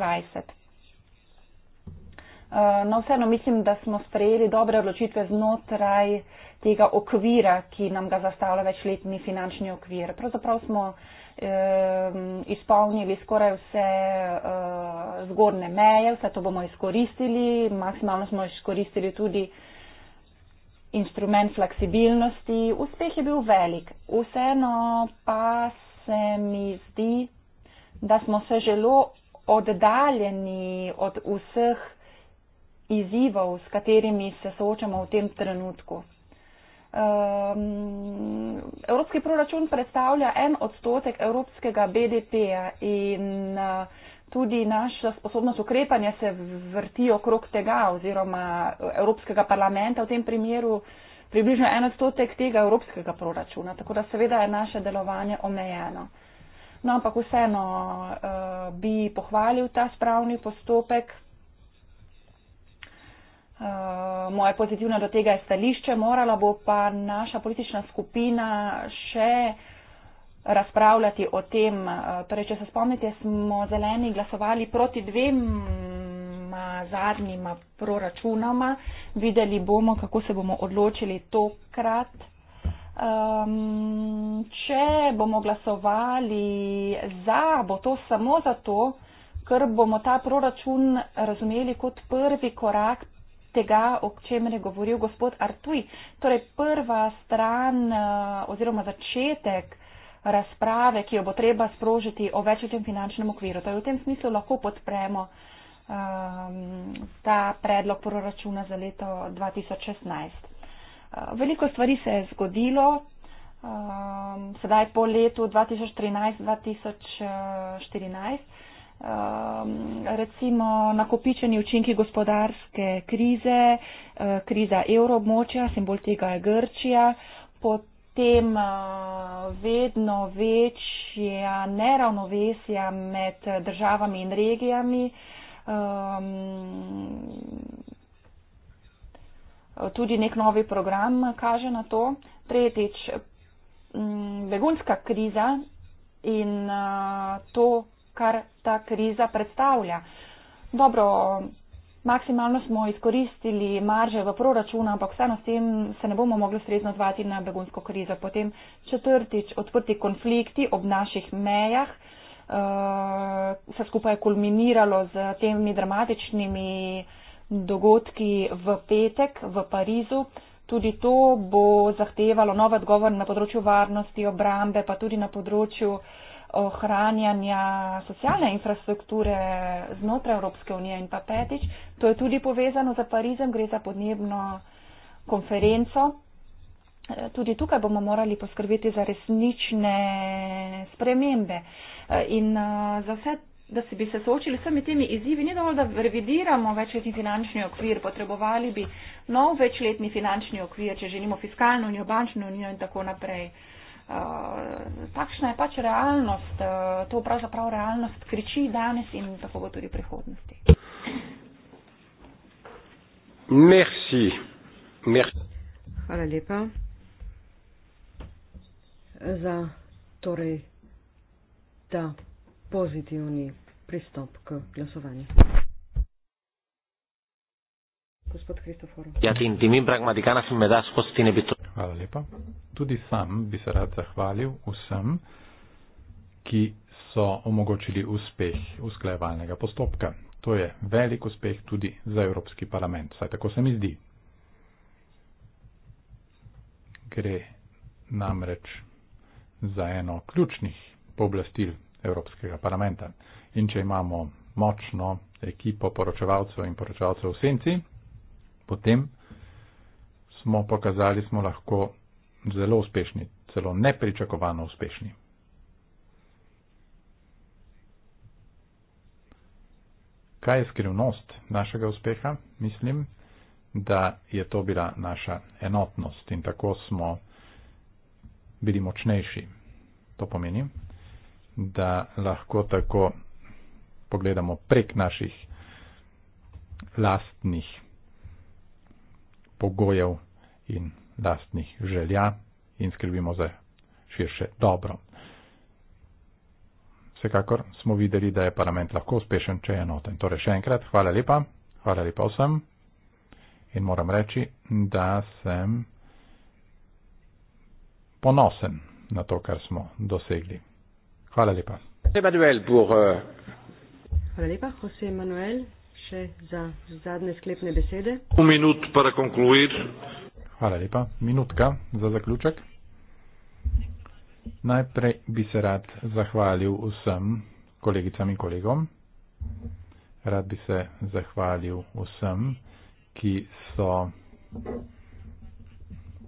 eh, no, vseeno mislim, da smo sprejeli dobre odločitve znotraj tega okvira, ki nam ga zastavlja večletni finančni okvir. Pravzaprav smo uh, Ehm, izpolnili skoraj vse eh, zgornje meje, vse to bomo izkoristili, maksimalno smo izkoristili tudi instrument fleksibilnosti. Uspeh je bil velik, vseeno pa se mi zdi, da smo se zelo oddaljeni od vseh izzivov, s katerimi se soočamo v tem trenutku um, evropski proračun predstavlja en odstotek evropskega BDP-ja in uh, tudi naša sposobnost ukrepanja se vrti okrog tega oziroma Evropskega parlamenta v tem primeru približno en odstotek tega evropskega proračuna, tako da seveda je naše delovanje omejeno. No, ampak vseeno uh, bi pohvalil ta spravni postopek, Eh, moje pozitivno do tega je stališče, morala bo pa naša politična skupina še razpravljati o tem. Eh, torej, če se spomnite, smo zeleni glasovali proti dvema zadnjima proračunama. Videli bomo, kako se bomo odločili tokrat. Um, če bomo glasovali za, bo to samo zato, ker bomo ta proračun razumeli kot prvi korak tega, o čemer je govoril gospod Artuj. Torej, prva stran eh, oziroma začetek razprave, ki jo bo treba sprožiti o večjem finančnem okviru. Torej, v tem smislu lahko podpremo um, ta predlog proračuna za leto 2016. Eh, veliko stvari se je zgodilo. Um, sedaj po letu 2013-2014. Ehm, recimo nakopičeni učinki gospodarske krize, eh, kriza evroobmočja, simbol tega je Grčija, potem eh, vedno večja neravnovesja med državami in regijami, ehm, tudi nek novi program kaže na to. Tretjič, mm, begunska kriza in eh, to, kar ta kriza predstavlja. Dobro, maksimalno smo izkoristili marže v proračunu, ampak vseeno s tem se ne bomo mogli srezno odvati na begunsko krizo. Potem četrtič odprti konflikti ob naših mejah. Uh, eh, se skupaj kulminiralo z temi dramatičnimi dogodki v petek v Parizu. Tudi to bo zahtevalo nov odgovor na področju varnosti, obrambe, pa tudi na področju uh, ohranjanja socialne infrastrukture znotraj Evropske unije in pa petič. To je tudi povezano za Parizem, gre za podnebno konferenco. E, tudi tukaj bomo morali poskrbeti za resnične spremembe. E, in e, za vse, da se bi se soočili s vsemi temi izzivi, ni dovolj, da revidiramo večletni finančni okvir, potrebovali bi nov večletni finančni okvir, če želimo fiskalno unijo, bančno unijo in tako naprej. Eh, takšna je pač realnost, uh, to pravzaprav realnost kriči danes in tako bo tudi v prihodnosti. Merci. Merci. Hvala lepa za torej ta pozitivni pristop k glasovanju. Gospod Kristofor. Ja, ti, ti mi pragmatikana si me das, ko si ti ne bi to. Hvala lepa. Tudi sam bi se rad zahvalil vsem, ki so omogočili uspeh usklajevalnega postopka. To je velik uspeh tudi za Evropski parlament, saj tako se mi zdi. Gre namreč za eno ključnih pooblastil Evropskega parlamenta. In če imamo močno ekipo poročevalcev in poročevalcev v senci, potem smo pokazali, smo lahko zelo uspešni, celo nepričakovano uspešni. Kaj je skrivnost našega uspeha? Mislim, da je to bila naša enotnost in tako smo bili močnejši. To pomeni, da lahko tako pogledamo prek naših lastnih pogojev in lastnih želja in skrbimo za širše dobro. Vsekakor smo videli, da je parlament lahko uspešen, če je enoten. Torej še enkrat, hvala lepa, hvala lepa vsem in moram reči, da sem ponosen na to, kar smo dosegli. Hvala lepa. Euh, hvala lepa, Jose Manuel, še za zadnje sklepne besede. Hvala lepa. Minutka za zaključek. Najprej bi se rad zahvalil vsem kolegicam in kolegom. Rad bi se zahvalil vsem, ki so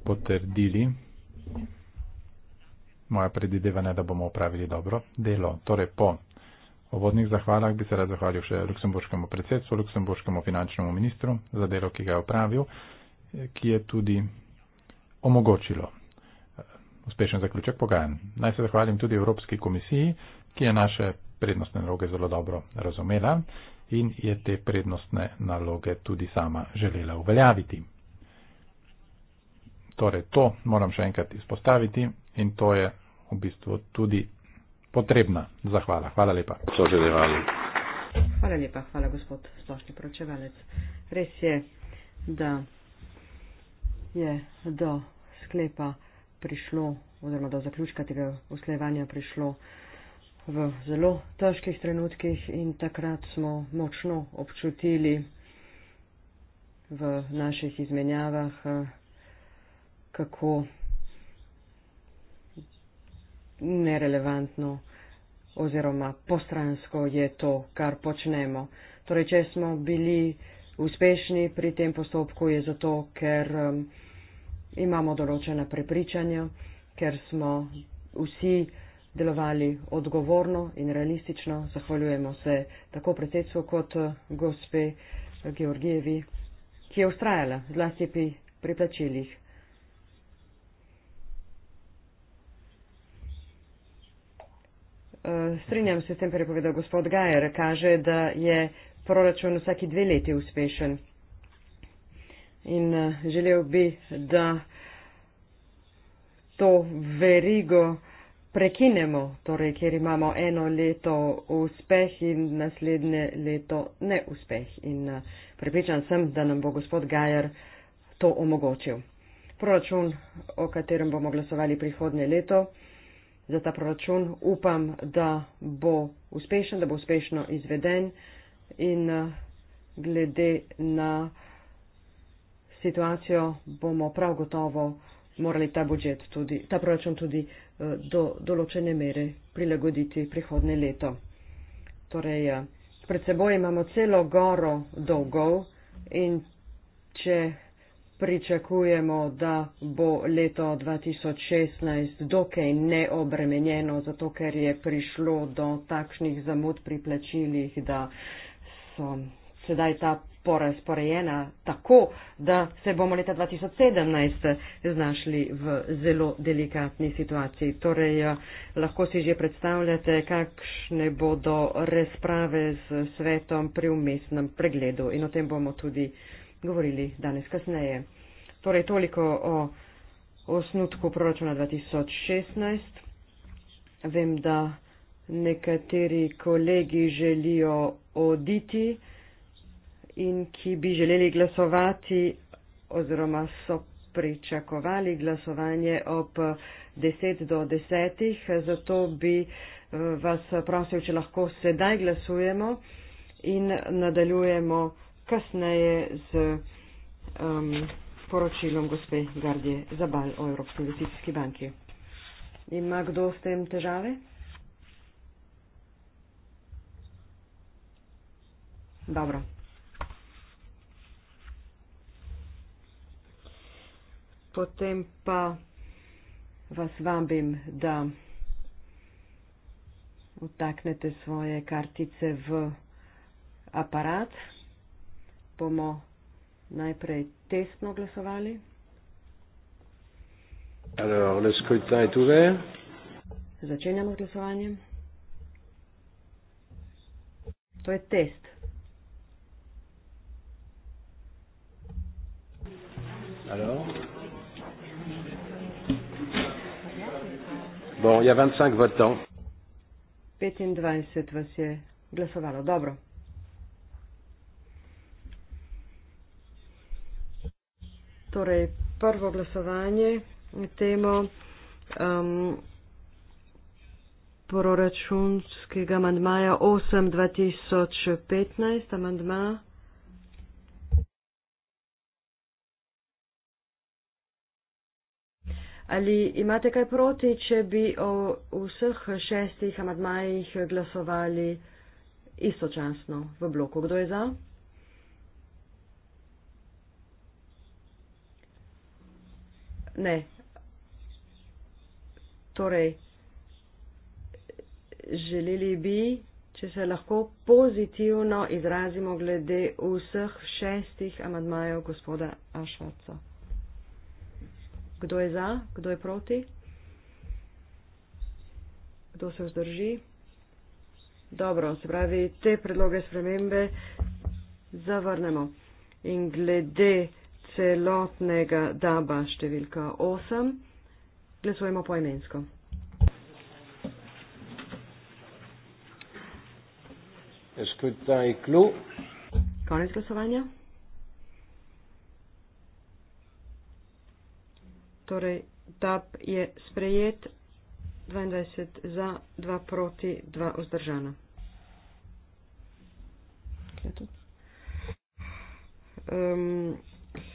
potrdili moja predidevanja, da bomo upravili dobro delo. Torej po uvodnih zahvalah bi se rad zahvalil še Luksemburškemu predsedstvu, Luksemburškemu finančnemu ministru za delo, ki ga je upravil ki je tudi omogočilo eh, uspešen zaključek pogajanj. Naj se zahvalim tudi Evropski komisiji, ki je naše prednostne naloge zelo dobro razumela in je te prednostne naloge tudi sama želela uveljaviti. Torej, to moram še enkrat izpostaviti in to je v bistvu tudi potrebna zahvala. Hvala lepa. Hvala lepa, hvala gospod splošni pročevalec. Res je, da je do sklepa prišlo oziroma do zaključka tega usklajevanja prišlo v zelo težkih trenutkih in takrat smo močno občutili v naših izmenjavah, eh, kako nerelevantno oziroma postransko je to, kar počnemo. Torej, če smo bili uspešni pri tem postopku, je zato, ker um, imamo določena prepričanja, ker smo vsi delovali odgovorno in realistično. Zahvaljujemo se tako predsedstvu kot eh, gospe Georgijevi, ki je ustrajala zlasti pri priplačilih. Eh, strinjam se s tem, kar je povedal gospod Gajer. Kaže, da je proračun vsaki dve leti uspešen in eh, želel bi, da to verigo prekinemo, torej, ker imamo eno leto uspeh in naslednje leto neuspeh. In eh, pripričan sem, da nam bo gospod Gajer to omogočil. Proračun, o katerem bomo glasovali prihodnje leto, za ta proračun upam, da bo uspešen, da bo uspešno izveden in eh, glede na situacijo, bomo prav gotovo morali ta, tudi, ta proračun tudi eh, do določene mere prilagoditi prihodne leto. Torej, eh, pred seboj imamo celo goro dolgov in če pričakujemo, da bo leto 2016 dokaj neobremenjeno, zato ker je prišlo do takšnih zamud pri plačilih, da so sedaj ta porazporejena tako, da se bomo leta 2017 znašli v zelo delikatni situaciji. Torej, eh, lahko si že predstavljate, kakšne bodo razprave s svetom pri umestnem pregledu in o tem bomo tudi govorili danes kasneje. Torej, toliko o osnutku proračuna 2016. Vem, da nekateri kolegi želijo oditi in ki bi želeli glasovati oziroma so pričakovali glasovanje ob 10 do 10. Zato bi eh, vas prosil, če lahko sedaj glasujemo in nadaljujemo kasneje z um, poročilom gospe Gardje Zabal o Evropski investicijski banki. Ima kdo s tem težave? Dobro. potem pa vas vabim, da utaknete svoje kartice v aparat. Bomo najprej testno glasovali. Alors, Začenjamo z glasovanjem. To je test. Alors. Bon, il y a 25 votants. 25 vas je glasovalo. Dobro. Torej, prvo glasovanje temo um, proračunskega amandmaja 8-2015, amandma. Ali imate kaj proti, če bi o vseh šestih amadmajih glasovali istočasno v bloku? Kdo je za? Ne. Torej, želeli bi, če se lahko pozitivno izrazimo glede vseh šestih amadmajev gospoda Ašvaca kdo je za, kdo je proti, kdo se vzdrži. Dobro, se pravi, te predloge spremembe zavrnemo. In glede celotnega daba številka 8, glasujemo poimensko. Konec glasovanja. torej DAB je sprejet 22 za, 2 proti, 2 vzdržana. Um,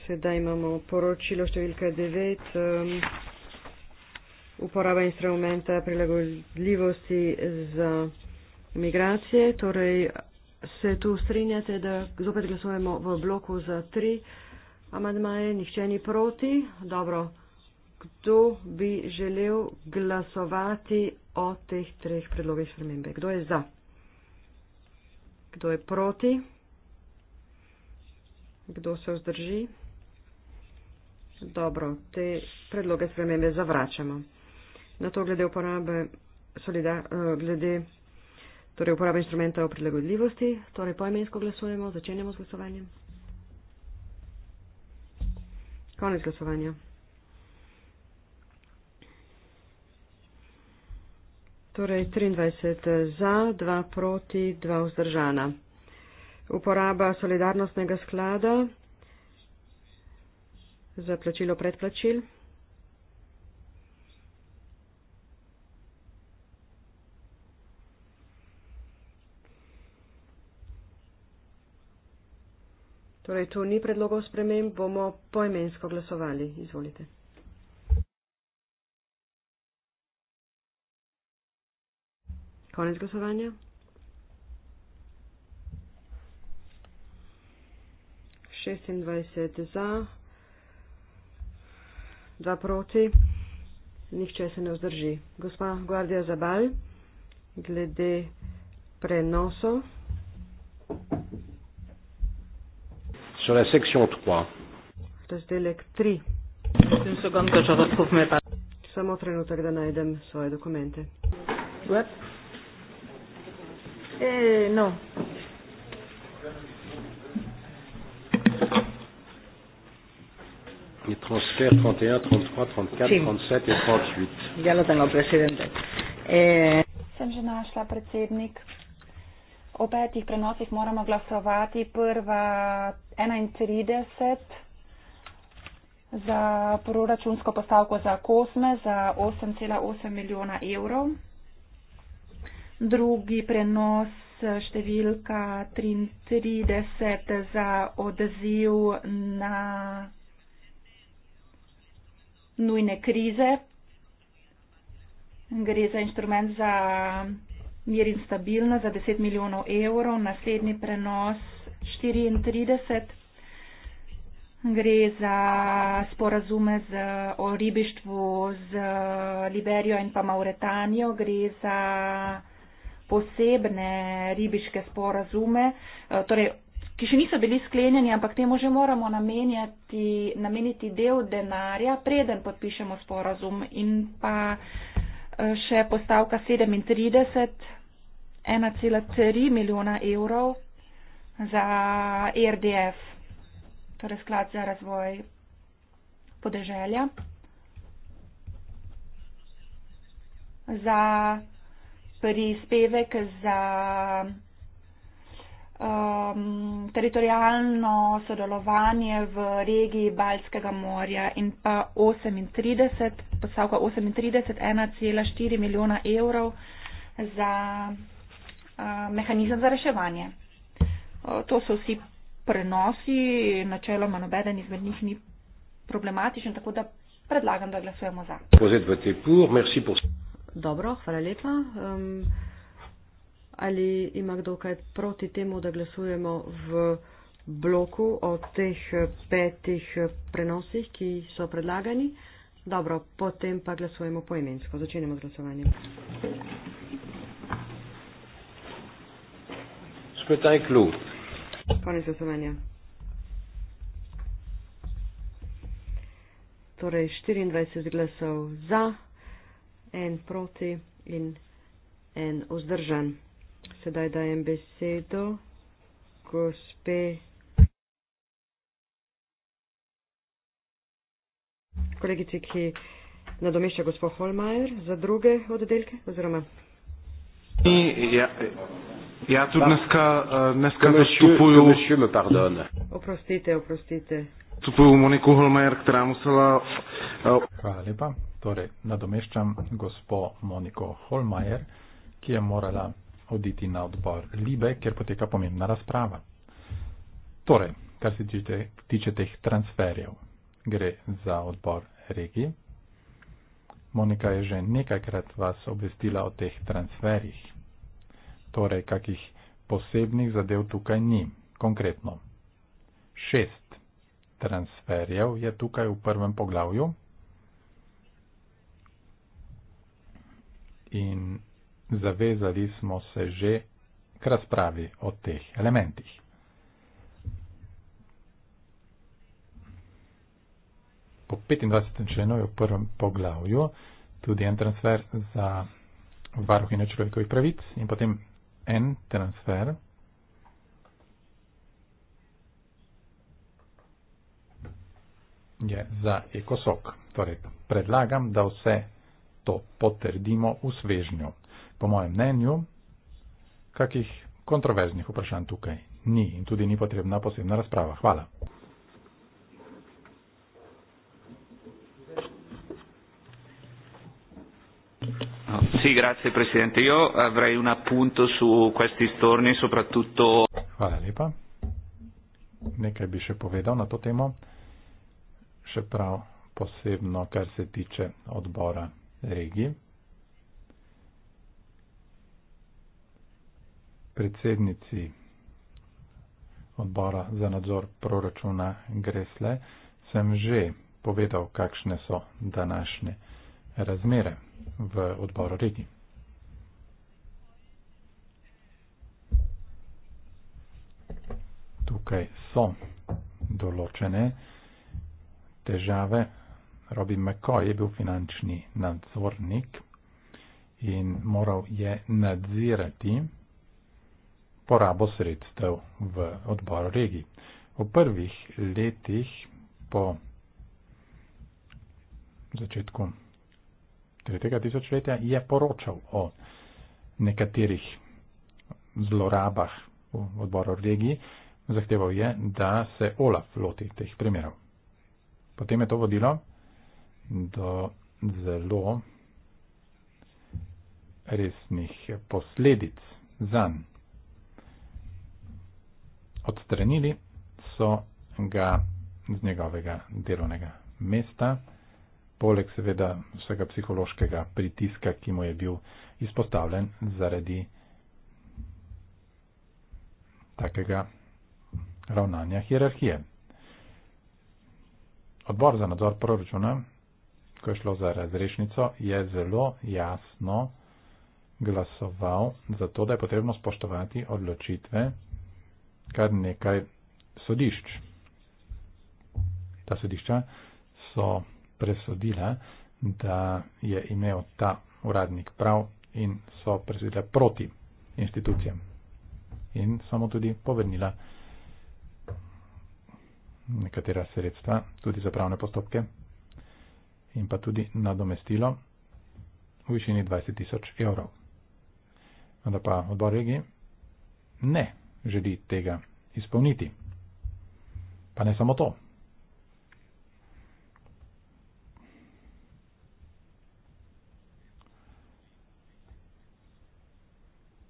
sedaj imamo poročilo številka 9. Um, uporaba instrumenta prilagodljivosti za migracije. Torej, se tu strinjate, da zopet glasujemo v bloku za tri amadmaje, nihče ni proti. Dobro kdo bi želel glasovati o teh treh predlogih spremembe. Kdo je za? Kdo je proti? Kdo se vzdrži? Dobro, te predloge spremembe zavračamo. Na to glede uporabe solida, eh, glede torej uporabe instrumenta o prilagodljivosti, torej poimensko glasujemo, začenjamo z glasovanjem. Konec glasovanja. Torej 23 eh, za, 2 proti, 2 vzdržana. Uporaba solidarnostnega sklada za plačilo predplačil. Torej, to ni predlogov sprememb, bomo poimensko glasovali. Izvolite. Konec glasovanja. Šestindvajset za, dva proti, nihče se ne vzdrži. Gospa Guardia Zabal, glede prenosov. Sur la section 3. Razdelek 3. Samo trenutek, da najdem svoje dokumente. Yep. Eh, no. Y transfer 31, 33, 34, sí. 37 y 38. Ya lo tengo, presidente. Eh, Sem že našla predsednik. O petih prenosih moramo glasovati. Prva 31 za proračunsko postavko za Kosme za 8,8 milijona evrov drugi prenos številka 33 za odziv na nujne krize. Gre za inštrument za mir in stabilnost za 10 milijonov evrov. Naslednji prenos 34 gre za sporazume z, o ribištvu z Liberijo in pa Mauretanijo. Gre za posebne ribiške sporazume, eh, torej, ki še niso bili sklenjeni, ampak temu že moramo namenjati, nameniti del denarja, preden podpišemo sporazum. In pa eh, še postavka 37, 1,3 milijona evrov za e RDF, torej sklad za razvoj podeželja. Za prispevek za um, teritorijalno sodelovanje v regiji Balskega morja in pa 38, postavka 38, 1,4 milijona evrov za uh, mehanizem za reševanje. To so vsi prenosi, načeloma nobeden izmed njih ni problematičen, tako da predlagam, da glasujemo za. Dobro, hvala lepa. Um, ali ima kdo kaj proti temu, da glasujemo v bloku o teh petih prenosih, ki so predlagani? Dobro, potem pa glasujemo poimensko. Začenjamo z glasovanjem. Skratek klub. Konec glasovanja. Torej 24 glasov za en proti in en vzdržan. Sedaj dajem besedo gospe kolegici, ki nadomešča gospo Holmajer za druge oddelke oziroma. Ja, ja tudi dneska, eh, dneska več kupuju. Oprostite, oprostite. Kupuju Moniku Holmajer, ktorá musela... Hvala lepa torej nadomeščam gospo Moniko Holmajer, ki je morala oditi na odbor Libe, ker poteka pomembna razprava. Torej, kar se tiče, tiče teh transferjev, gre za odbor regij. Monika je že nekajkrat vas obvestila o teh transferjih. Torej, kakih posebnih zadev tukaj ni. Konkretno, šest transferjev je tukaj v prvem poglavju. in zavezali smo se že k razpravi o teh elementih. Po 25. členu je v prvem poglavju tudi en transfer za varuhine človekovih pravic in potem en transfer je za ekosok. Torej, predlagam, da vse to potrdimo v svežnju. Po mojem mnenju, kakih kontroverznih vprašanj tukaj ni in tudi ni potrebna posebna razprava. Hvala. Sì, grazie Presidente. Io avrei un appunto su questi storni, soprattutto. Hvala lepa. Nekaj bi še povedal na to temo, še prav posebno, kar se tiče odbora regiji. Predsednici odbora za nadzor proračuna Gresle sem že povedal, kakšne so današnje razmere v odboru regiji. Tukaj so določene težave Robin McCoy je bil finančni nadzornik in moral je nadzirati porabo sredstev v odboru regij. V prvih letih po začetku tretjega tisočletja je poročal o nekaterih zlorabah v odboru regij. Zahteval je, da se Olaf loti teh primerov. Potem je to vodilo do zelo resnih posledic zan. Odstranili so ga z njegovega delovnega mesta, poleg seveda vsega psihološkega pritiska, ki mu je bil izpostavljen zaradi takega ravnanja hierarhije. Odbor za nadzor proračuna ko je šlo za razrešnico, je zelo jasno glasoval za to, da je potrebno spoštovati odločitve kar nekaj sodišč. Ta sodišča so presodila, da je imel ta uradnik prav in so presodila proti institucijam. In samo tudi povrnila nekatera sredstva, tudi za pravne postopke in pa tudi nadomestilo v višini 20 tisoč evrov. Vendar pa odbor regije ne želi tega izpolniti. Pa ne samo to.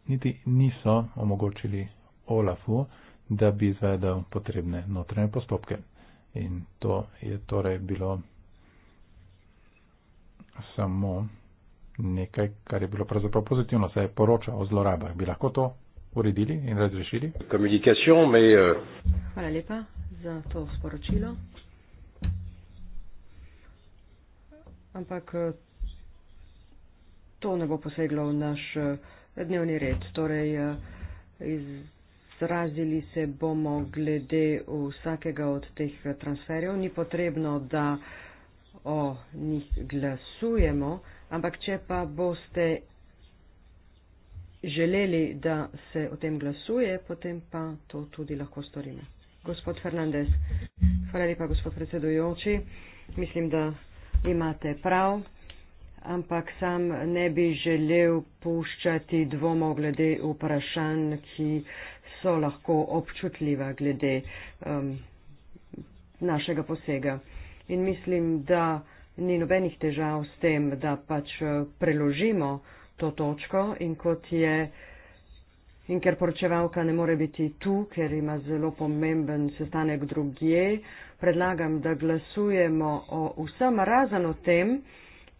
Niti niso omogočili Olafu, da bi izvedel potrebne notranje postopke. In to je torej bilo samo nekaj, kar je bilo pravzaprav pozitivno, saj je poročal o zlorabah. Bi lahko to uredili in razrešili? Hvala lepa za to sporočilo. Ampak eh, to ne bo poseglo v naš eh, dnevni red. Torej, eh, izrazili se bomo glede vsakega od teh transferjev. Ni potrebno, da o njih glasujemo, ampak če pa boste želeli, da se o tem glasuje, potem pa to tudi lahko storimo. Gospod Fernandez, hvala lepa, gospod predsedujoči. Mislim, da imate prav, ampak sam ne bi želel puščati dvomov glede vprašanj, ki so lahko občutljiva glede um, našega posega in mislim, da ni nobenih težav s tem, da pač eh, preložimo to točko in kot je in ker poročevalka ne more biti tu, ker ima zelo pomemben sestanek drugje, predlagam, da glasujemo o vsem razen o tem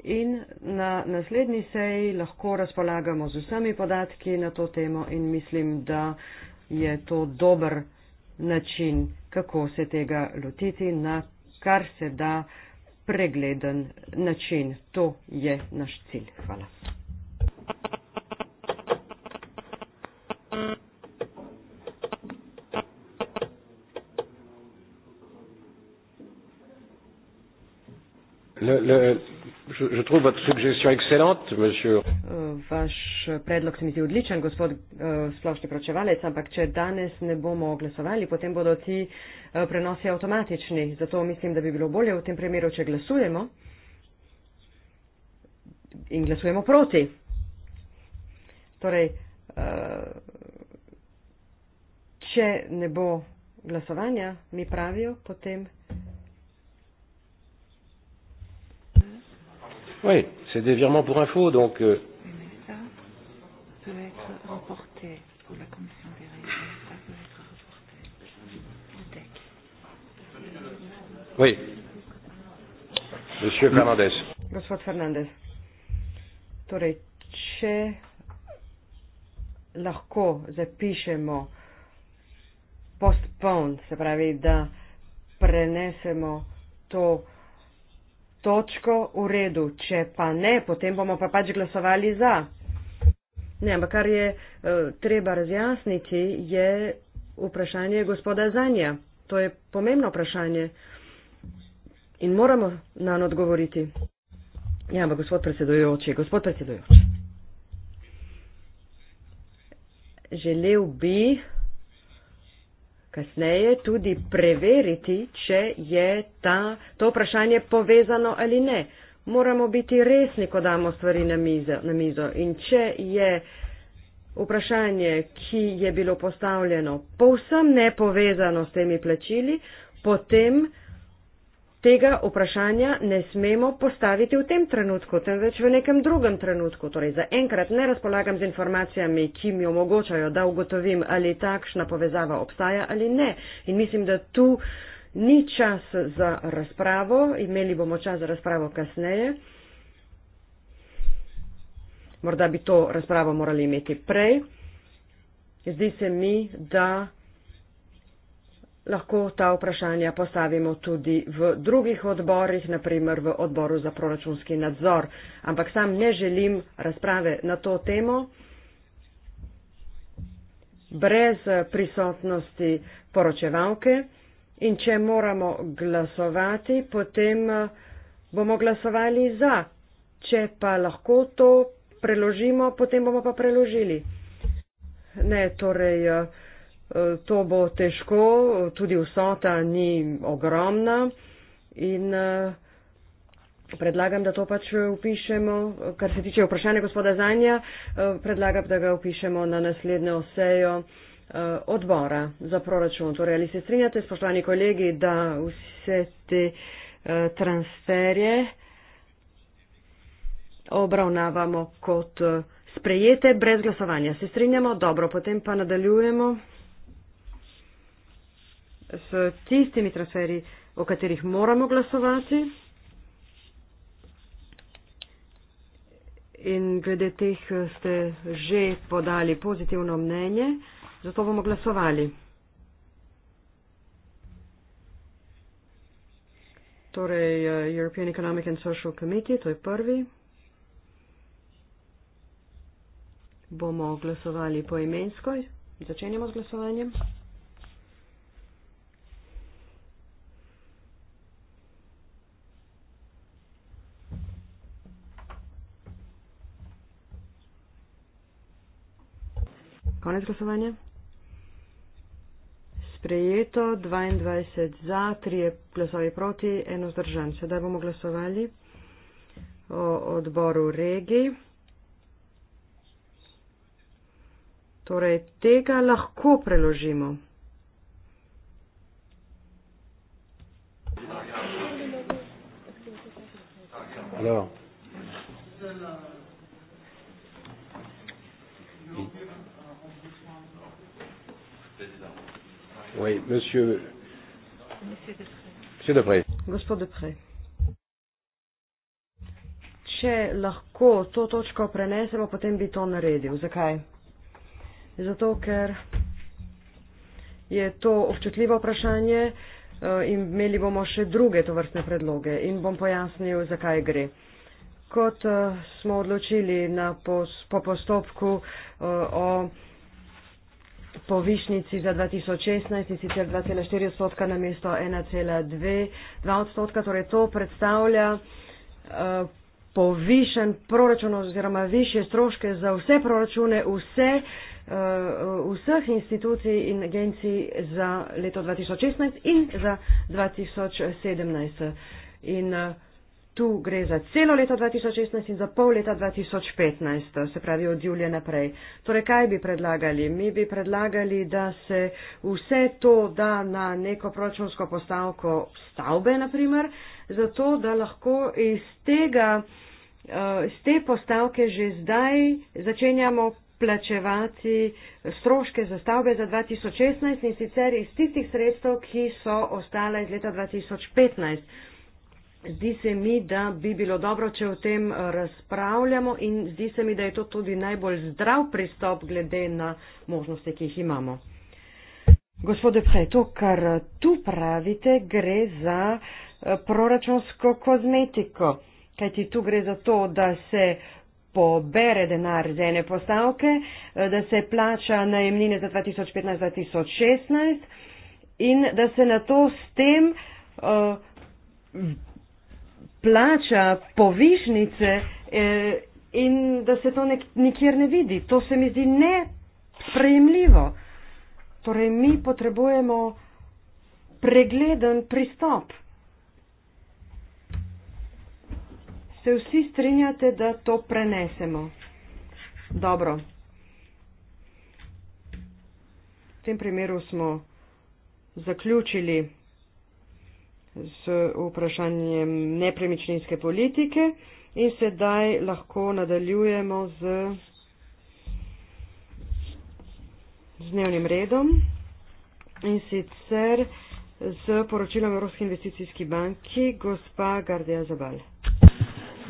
in na naslednji seji lahko razpolagamo z vsemi podatki na to temo in mislim, da je to dober način, kako se tega lotiti na kar se da pregleden način. To je naš cilj. Hvala. Le, le, je trouve votre suggestion excellente, monsieur. Eh, vaš predlog se mi zdi odličen, gospod eh, splošni pročevalec, ampak če danes ne bomo glasovali, potem bodo ti eh, prenosi avtomatični. Zato mislim, da bi bilo bolje v tem primeru, če glasujemo in glasujemo proti. Torej, če ne bo glasovanja, mi pravijo, potem Oui, c'est des virements pour info, donc. Euh... Mais ça peut être reporté pour la commission des règles. Ça peut être reporté. Le TEC. Oui. Monsieur Fernandez. Monsieur Fernandez. Torreche. Lahko zapišemo, postpone, se pravi, da prenesemo to točko, v redu. Če pa ne, potem bomo pa pač glasovali za. Ne, ampak kar je uh, treba razjasniti, je vprašanje gospoda Zanja. To je pomembno vprašanje in moramo na njo odgovoriti. Ja, ampak gospod predsedujoči, gospod predsedujoči. Želel bi kasneje tudi preveriti, če je ta, to vprašanje povezano ali ne. Moramo biti resni, ko damo stvari na mizo, na mizo. In če je vprašanje, ki je bilo postavljeno, povsem nepovezano s temi plačili, potem tega vprašanja ne smemo postaviti v tem trenutku, temveč v nekem drugem trenutku. Torej, za enkrat ne razpolagam z informacijami, ki mi omogočajo, da ugotovim, ali takšna povezava obstaja ali ne. In mislim, da tu ni čas za razpravo, imeli bomo čas za razpravo kasneje. Morda bi to razpravo morali imeti prej. Zdi se mi, da lahko ta vprašanja postavimo tudi v drugih odborih, naprimer v odboru za proračunski nadzor, ampak sam ne želim razprave na to temo brez prisotnosti poročevalke in če moramo glasovati, potem eh, bomo glasovali za. Če pa lahko to preložimo, potem bomo pa preložili. Ne, torej, uh, to bo težko, tudi vsota ni ogromna in eh, predlagam, da to pač upišemo, kar se tiče vprašanja gospoda Zanja, eh, predlagam, da ga upišemo na naslednjo sejo eh, odbora za proračun. Torej, ali se strinjate, spoštovani kolegi, da vse te transferje obravnavamo kot sprejete brez glasovanja. Se strinjamo? Dobro, potem pa nadaljujemo s tistimi transferji, o katerih moramo glasovati. In glede teh eh, ste že podali pozitivno mnenje, zato bomo glasovali. Torej, eh, European Economic and Social Committee, to je prvi. Bomo glasovali poimensko. Začenjamo z glasovanjem. Konec glasovanja. Sprejeto 22 za, 3 glasovi proti, 1 zdržan. Sedaj bomo glasovali o odboru regij. Torej, tega lahko preložimo. Hello. Oui, monsieur. Monsieur Depré. Gospod Depré. Če lahko to točko prenesemo, potem bi to naredil. Zakaj? Zato, ker je to občutljivo vprašanje eh, in imeli bomo še druge tovrstne predloge in bom pojasnil, zakaj gre. Kot eh, smo odločili na, po, po postopku eh, o povišnici za 2016 in sicer 2,4 odstotka na mesto 1,2 2 odstotka. Torej to predstavlja eh, povišen proračun oziroma više stroške za vse proračune, vse, eh, vseh institucij in agencij za leto 2016 in za 2017. In, eh, tu gre za celo leto 2016 in za pol leta 2015, se pravi od julija naprej. Torej, kaj bi predlagali? Mi bi predlagali, da se vse to da na neko proračunsko postavko stavbe, naprimer, zato da lahko iz tega, eh, iz te postavke že zdaj začenjamo plačevati stroške za stavbe za 2016 in sicer iz tistih sredstev, ki so ostale iz leta 2015. Zdi se mi, da bi bilo dobro, če o tem eh, razpravljamo in zdi se mi, da je to tudi najbolj zdrav pristop glede na možnosti, ki jih imamo. Gospode Pre, to, kar tu pravite, gre za eh, proračunsko kozmetiko, kajti tu gre za to, da se pobere denar z ene postavke, eh, da se plača najemnine za 2015-2016 in da se na to s tem uh, plača, povišnice eh, in da se to nek, nikjer ne vidi. To se mi zdi nesprejemljivo. Torej, mi potrebujemo pregleden pristop. Se vsi strinjate, da to prenesemo? Dobro. V tem primeru smo zaključili z vprašanjem nepremičninske politike in sedaj lahko nadaljujemo z, z dnevnim redom in sicer z poročilom Evropske investicijske banke gospa Gardija Zabal.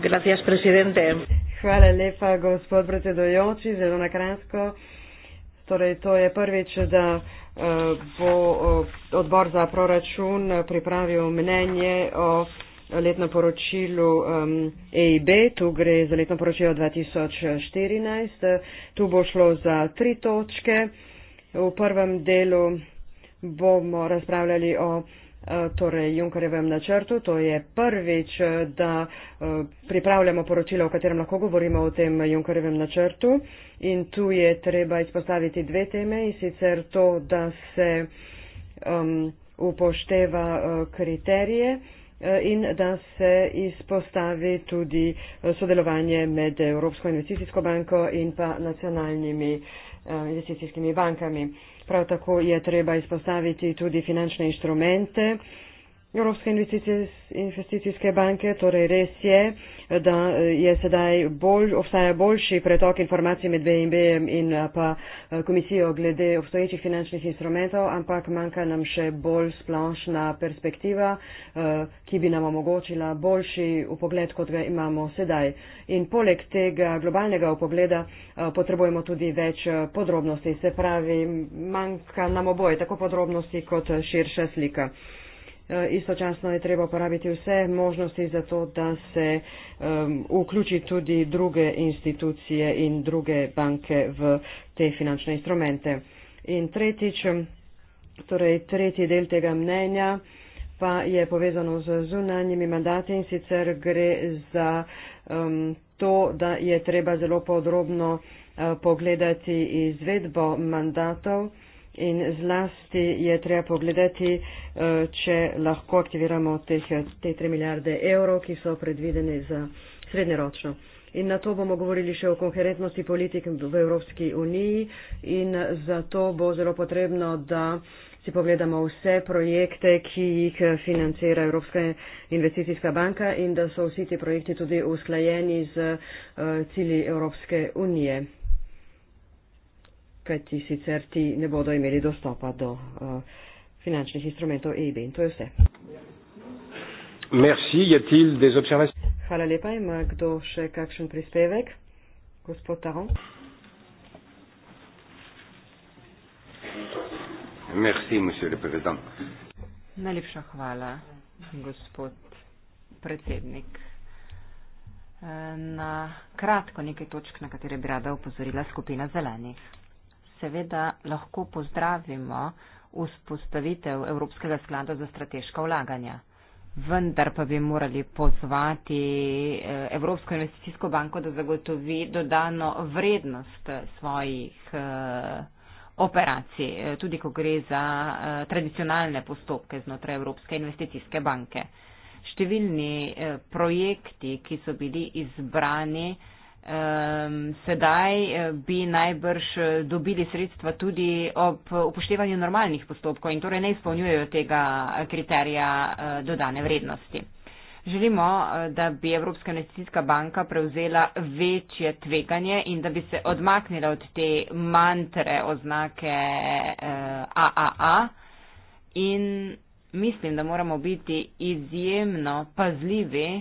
Gracias, presidente. Hvala lepa, gospod predsedujoči, zelo na kratko. Torej, to je prvič, da bo eh, odbor za proračun pripravil mnenje o letnem poročilu EIB, e tu gre za letno poročilo 2014. Tu bo šlo za tri točke. V prvem delu bomo razpravljali o Eh, torej Junkarjevem načrtu. To je prvič, eh, da eh, pripravljamo poročilo, v katerem lahko govorimo o tem Junkarjevem načrtu. In tu je treba izpostaviti dve teme in sicer to, da se um, upošteva kriterije in da se izpostavi tudi sodelovanje med Evropsko investicijsko banko in pa nacionalnimi investicijskimi bankami. Uh, Prav tako je treba izpostaviti tudi finančne inštrumente, Evropske investicijske banke, torej res je, da eh, je sedaj bolj, obstaja boljši pretok informacij med BNB-jem in eh, pa eh, komisijo glede obstoječih finančnih instrumentov, ampak manjka nam še bolj splošna perspektiva, ki bi nam omogočila boljši upogled, kot ga imamo sedaj. In poleg tega globalnega upogleda potrebujemo tudi več podrobnosti, se pravi, manjka nam oboje, tako podrobnosti kot širša slika. Eh, istočasno je treba uporabiti vse možnosti za to, da se um, vključi tudi druge institucije in druge banke v te finančne instrumente. In tretjič, torej tretji del tega mnenja pa je povezano z zunanjimi mandati in sicer gre za um, to, da je treba zelo podrobno uh, pogledati izvedbo mandatov in zlasti je treba pogledati, eh, če lahko aktiviramo teh, te 3 milijarde evrov, ki so predvideni za srednjeročno. In na to bomo govorili še o konkurentnosti politik v Evropski uniji in zato bo zelo potrebno, da si pogledamo vse projekte, ki jih financira Evropska investicijska banka in da so vsi ti projekti tudi usklajeni z eh, cilji Evropske unije kajti sicer ti ne bodo imeli dostopa do eh, finančnih instrumentov EIB in to je vse. Merci, je til des observacij. Hvala lepa, ima kdo še kakšen prispevek? Gospod Taron. Merci, monsieur le président. Najlepša hvala, gospod predsednik. Eh, na kratko nekaj točk, na katere bi rada upozorila skupina zelenih seveda lahko pozdravimo vzpostavitev Evropskega sklada za strateška vlaganja. Vendar pa bi morali pozvati eh, Evropsko investicijsko banko, da zagotovi dodano vrednost svojih eh, operacij, eh, tudi ko gre za tradicionalne postopke znotraj Evropske investicijske banke. Številni projekti, ki so bili izbrani, Ehm, sedaj eh, bi najbrž eh, dobili sredstva tudi ob upoštevanju normalnih postopkov in torej ne izpolnjujejo tega eh, kriterija dodane vrednosti. Želimo, da bi Evropska investicijska banka prevzela večje tveganje in da bi se odmaknila od te mantre oznake AAA in mislim, da moramo biti izjemno pazljivi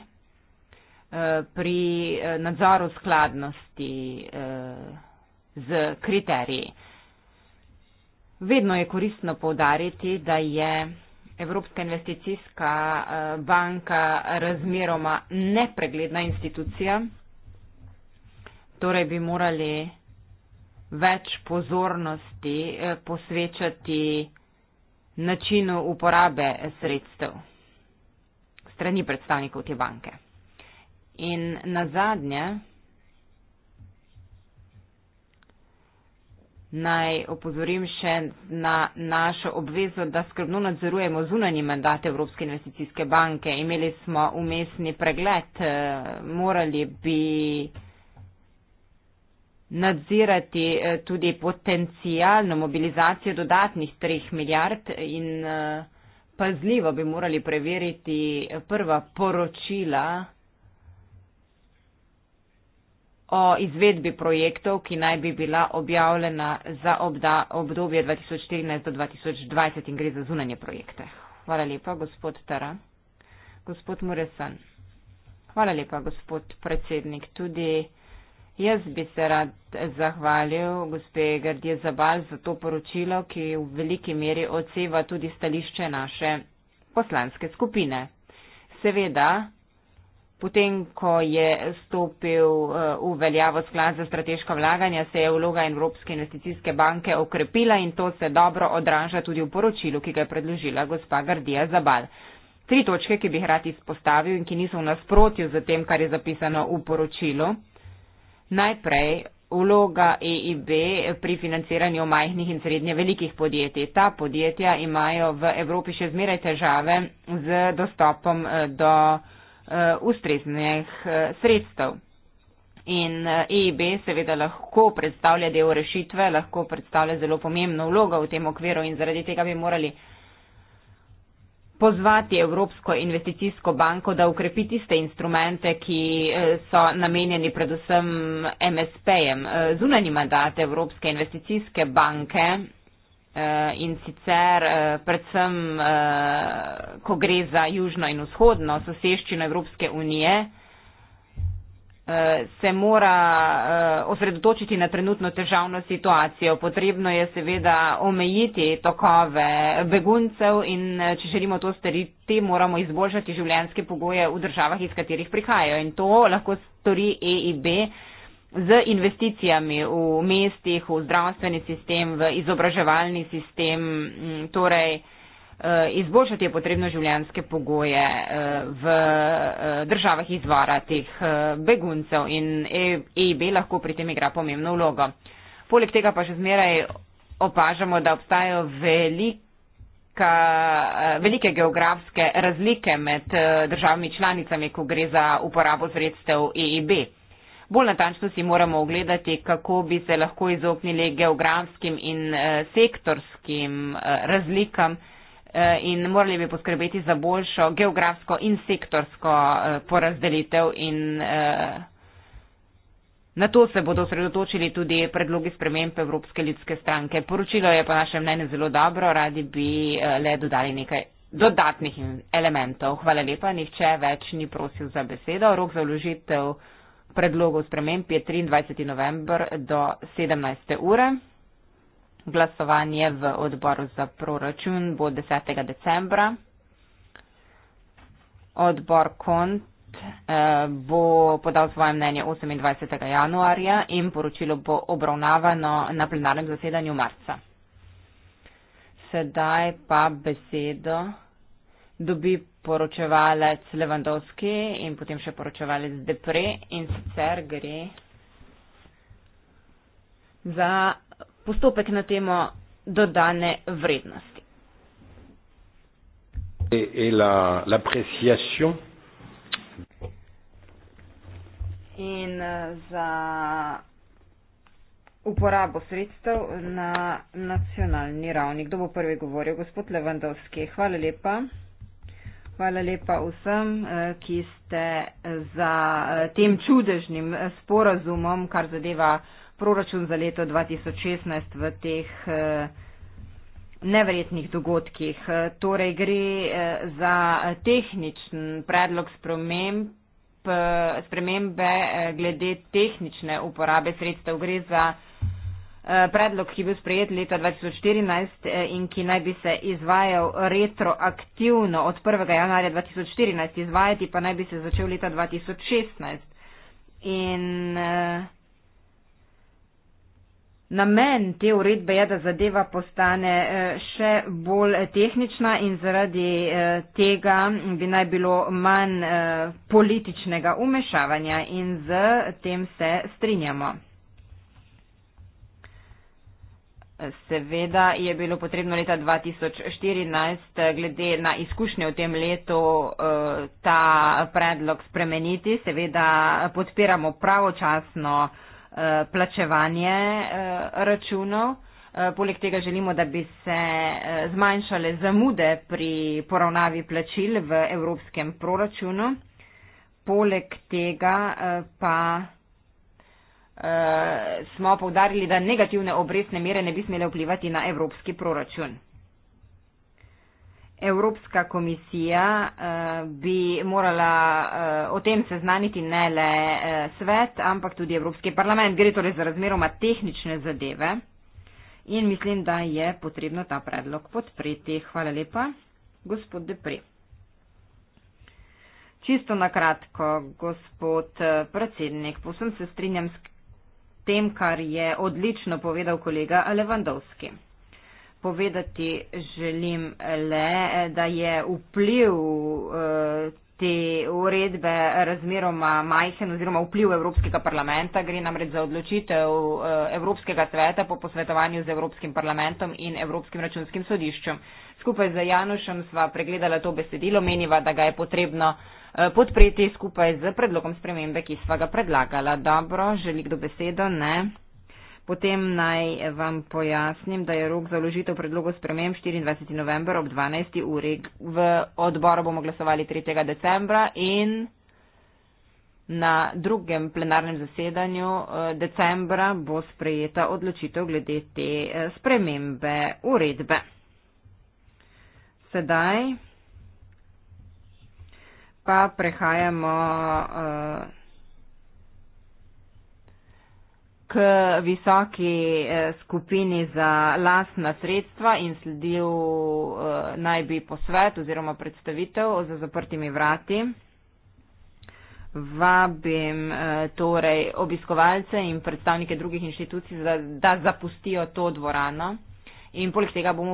Eh, pri eh, nadzoru skladnosti eh, z kriteriji. Vedno je koristno povdariti, da je Evropska investicijska banka razmeroma nepregledna institucija, torej bi morali več pozornosti posvečati načinu uporabe sredstev strani predstavnikov te banke. In na zadnje naj opozorim še na našo obvezo, da skrbno nadzorujemo zunanji mandat Evropske investicijske banke. Imeli smo umestni pregled, eh, morali bi nadzirati eh, tudi potencijalno mobilizacijo dodatnih 3 milijard in eh, pazljivo bi morali preveriti prva poročila, o izvedbi projektov, ki naj bi bila objavljena za obda, obdobje 2014 do 2020 in gre za zunanje projekte. Hvala lepa, gospod Tara. Gospod Muresan. Hvala lepa, gospod predsednik. Tudi jaz bi se rad zahvalil gospe Gardje Zabal za to poročilo, ki v veliki meri odseva tudi stališče naše poslanske skupine. Seveda, Potem, ko je stopil eh, v veljavo sklad za strateška vlaganja, se je vloga Evropske investicijske banke okrepila in to se dobro odraža tudi v poročilu, ki ga je predložila gospa Gardija Zabal. Tri točke, ki bi rad izpostavil in ki niso v nasprotju z tem, kar je zapisano v poročilu. Najprej vloga EIB pri financiranju majhnih in srednje velikih podjetij. Ta podjetja imajo v Evropi še zmeraj težave z dostopom eh, do uh, ustreznih uh, sredstev. In EIB eh, e seveda lahko predstavlja del rešitve, lahko predstavlja zelo pomembno vlogo v tem okviru in zaradi tega bi morali pozvati Evropsko investicijsko banko, da ukrepi tiste instrumente, ki so namenjeni predvsem MSP-jem. Zunani mandat Evropske investicijske banke Eh, in sicer eh, predvsem, eh, ko gre za južno in vzhodno soseščino Evropske unije, se mora osredotočiti na trenutno težavno situacijo. Potrebno je seveda omejiti tokove beguncev in če želimo to storiti, moramo izboljšati življenjske pogoje v državah, iz katerih prihajajo. In to lahko stori EIB z investicijami v mestih, v zdravstveni sistem, v izobraževalni sistem, mm, torej eh, izboljšati je potrebno življenske pogoje eh, v eh, državah izvora teh beguncev in EIB e lahko pri tem igra pomembno vlogo. Poleg tega pa še zmeraj opažamo, da obstajajo veliko velike geografske razlike med državami članicami, ko gre za uporabo sredstev EIB. E Bolj natančno si moramo ogledati, kako bi se lahko izognili geografskim in eh, sektorskim eh, razlikam eh, in morali bi poskrbeti za boljšo geografsko in sektorsko porazdelitev in na to se bodo sredotočili tudi predlogi sprememb Evropske ljudske stranke. Poročilo je po našem mnenju zelo dobro, radi bi le dodali nekaj dodatnih elementov. Hvala lepa, nihče več ni prosil za besedo. Rok za vložitev predlogov sprememb je 23. november do 17. ure. Glasovanje v odboru za proračun bo 10. decembra. Odbor KONT eh, bo podal svoje mnenje 28. januarja in poročilo bo obravnavano na plenarnem zasedanju marca. Sedaj pa besedo dobi poročevalec Levandovski in potem še poročevalec Depre in sicer gre za postopek na temo dodane vrednosti. In eh, za uporabo sredstev na nacionalni ravni. Kdo bo prvi govoril? Gospod Levandovski, hvala lepa. Hvala lepa vsem, eh, ki ste za eh, tem čudežnim eh, sporazumom, kar zadeva proračun za leto 2016 v teh neverjetnih dogodkih. Torej gre za tehničen predlog sprememb spremembe glede tehnične uporabe sredstev. Gre za Eh, predlog, ki je bil sprejet leta 2014 eh, in ki naj bi se izvajal retroaktivno od 1. januarja 2014, izvajati pa naj bi se začel leta 2016. In e, namen te uredbe je, da zadeva postane še bolj tehnična in zaradi e, tega bi naj bilo manj e, političnega umešavanja in z tem se strinjamo. Seveda je bilo potrebno leta 2014, glede na izkušnje v tem letu, eh, ta predlog spremeniti. Seveda podpiramo pravočasno eh, plačevanje eh, računov. Poleg tega želimo, da bi se zmanjšale zamude pri poravnavi plačil v evropskem proračunu. Poleg tega pa smo povdarili, da negativne obrestne mere ne bi smele vplivati na evropski proračun. Evropska komisija eh, bi morala eh, o tem seznaniti ne le eh, svet, ampak tudi Evropski parlament. Gre torej za razmeroma tehnične zadeve in mislim, da je potrebno ta predlog podpreti. Hvala lepa, gospod Depre. Čisto nakratko, gospod predsednik, posem se strinjam s tem, kar je odlično povedal kolega Levandovski. Povedati želim le, da je vpliv eh, te uredbe razmeroma majhen oziroma vpliv Evropskega parlamenta. Gre namreč za odločitev eh, Evropskega sveta po posvetovanju z Evropskim parlamentom in Evropskim računskim sodiščem. Skupaj z Janušem sva pregledala to besedilo, meniva, da ga je potrebno. Eh, podpreti skupaj z predlogom spremembe, ki sva ga predlagala. Dobro, želi kdo besedo? Ne. Potem naj vam pojasnim, da je rok za vložitev predlogov sprememb 24. november ob 12. uri. V odboru bomo glasovali 3. decembra in na drugem plenarnem zasedanju eh, decembra bo sprejeta odločitev glede te eh, spremembe uredbe. Sedaj pa prehajamo uh, k visoki uh, skupini za lastna sredstva in sledil uh, naj bi posvet oziroma predstavitev za zaprtimi vrati. Vabim uh, torej obiskovalce in predstavnike drugih inštitucij, da, da zapustijo to dvorano. In poleg tega bomo.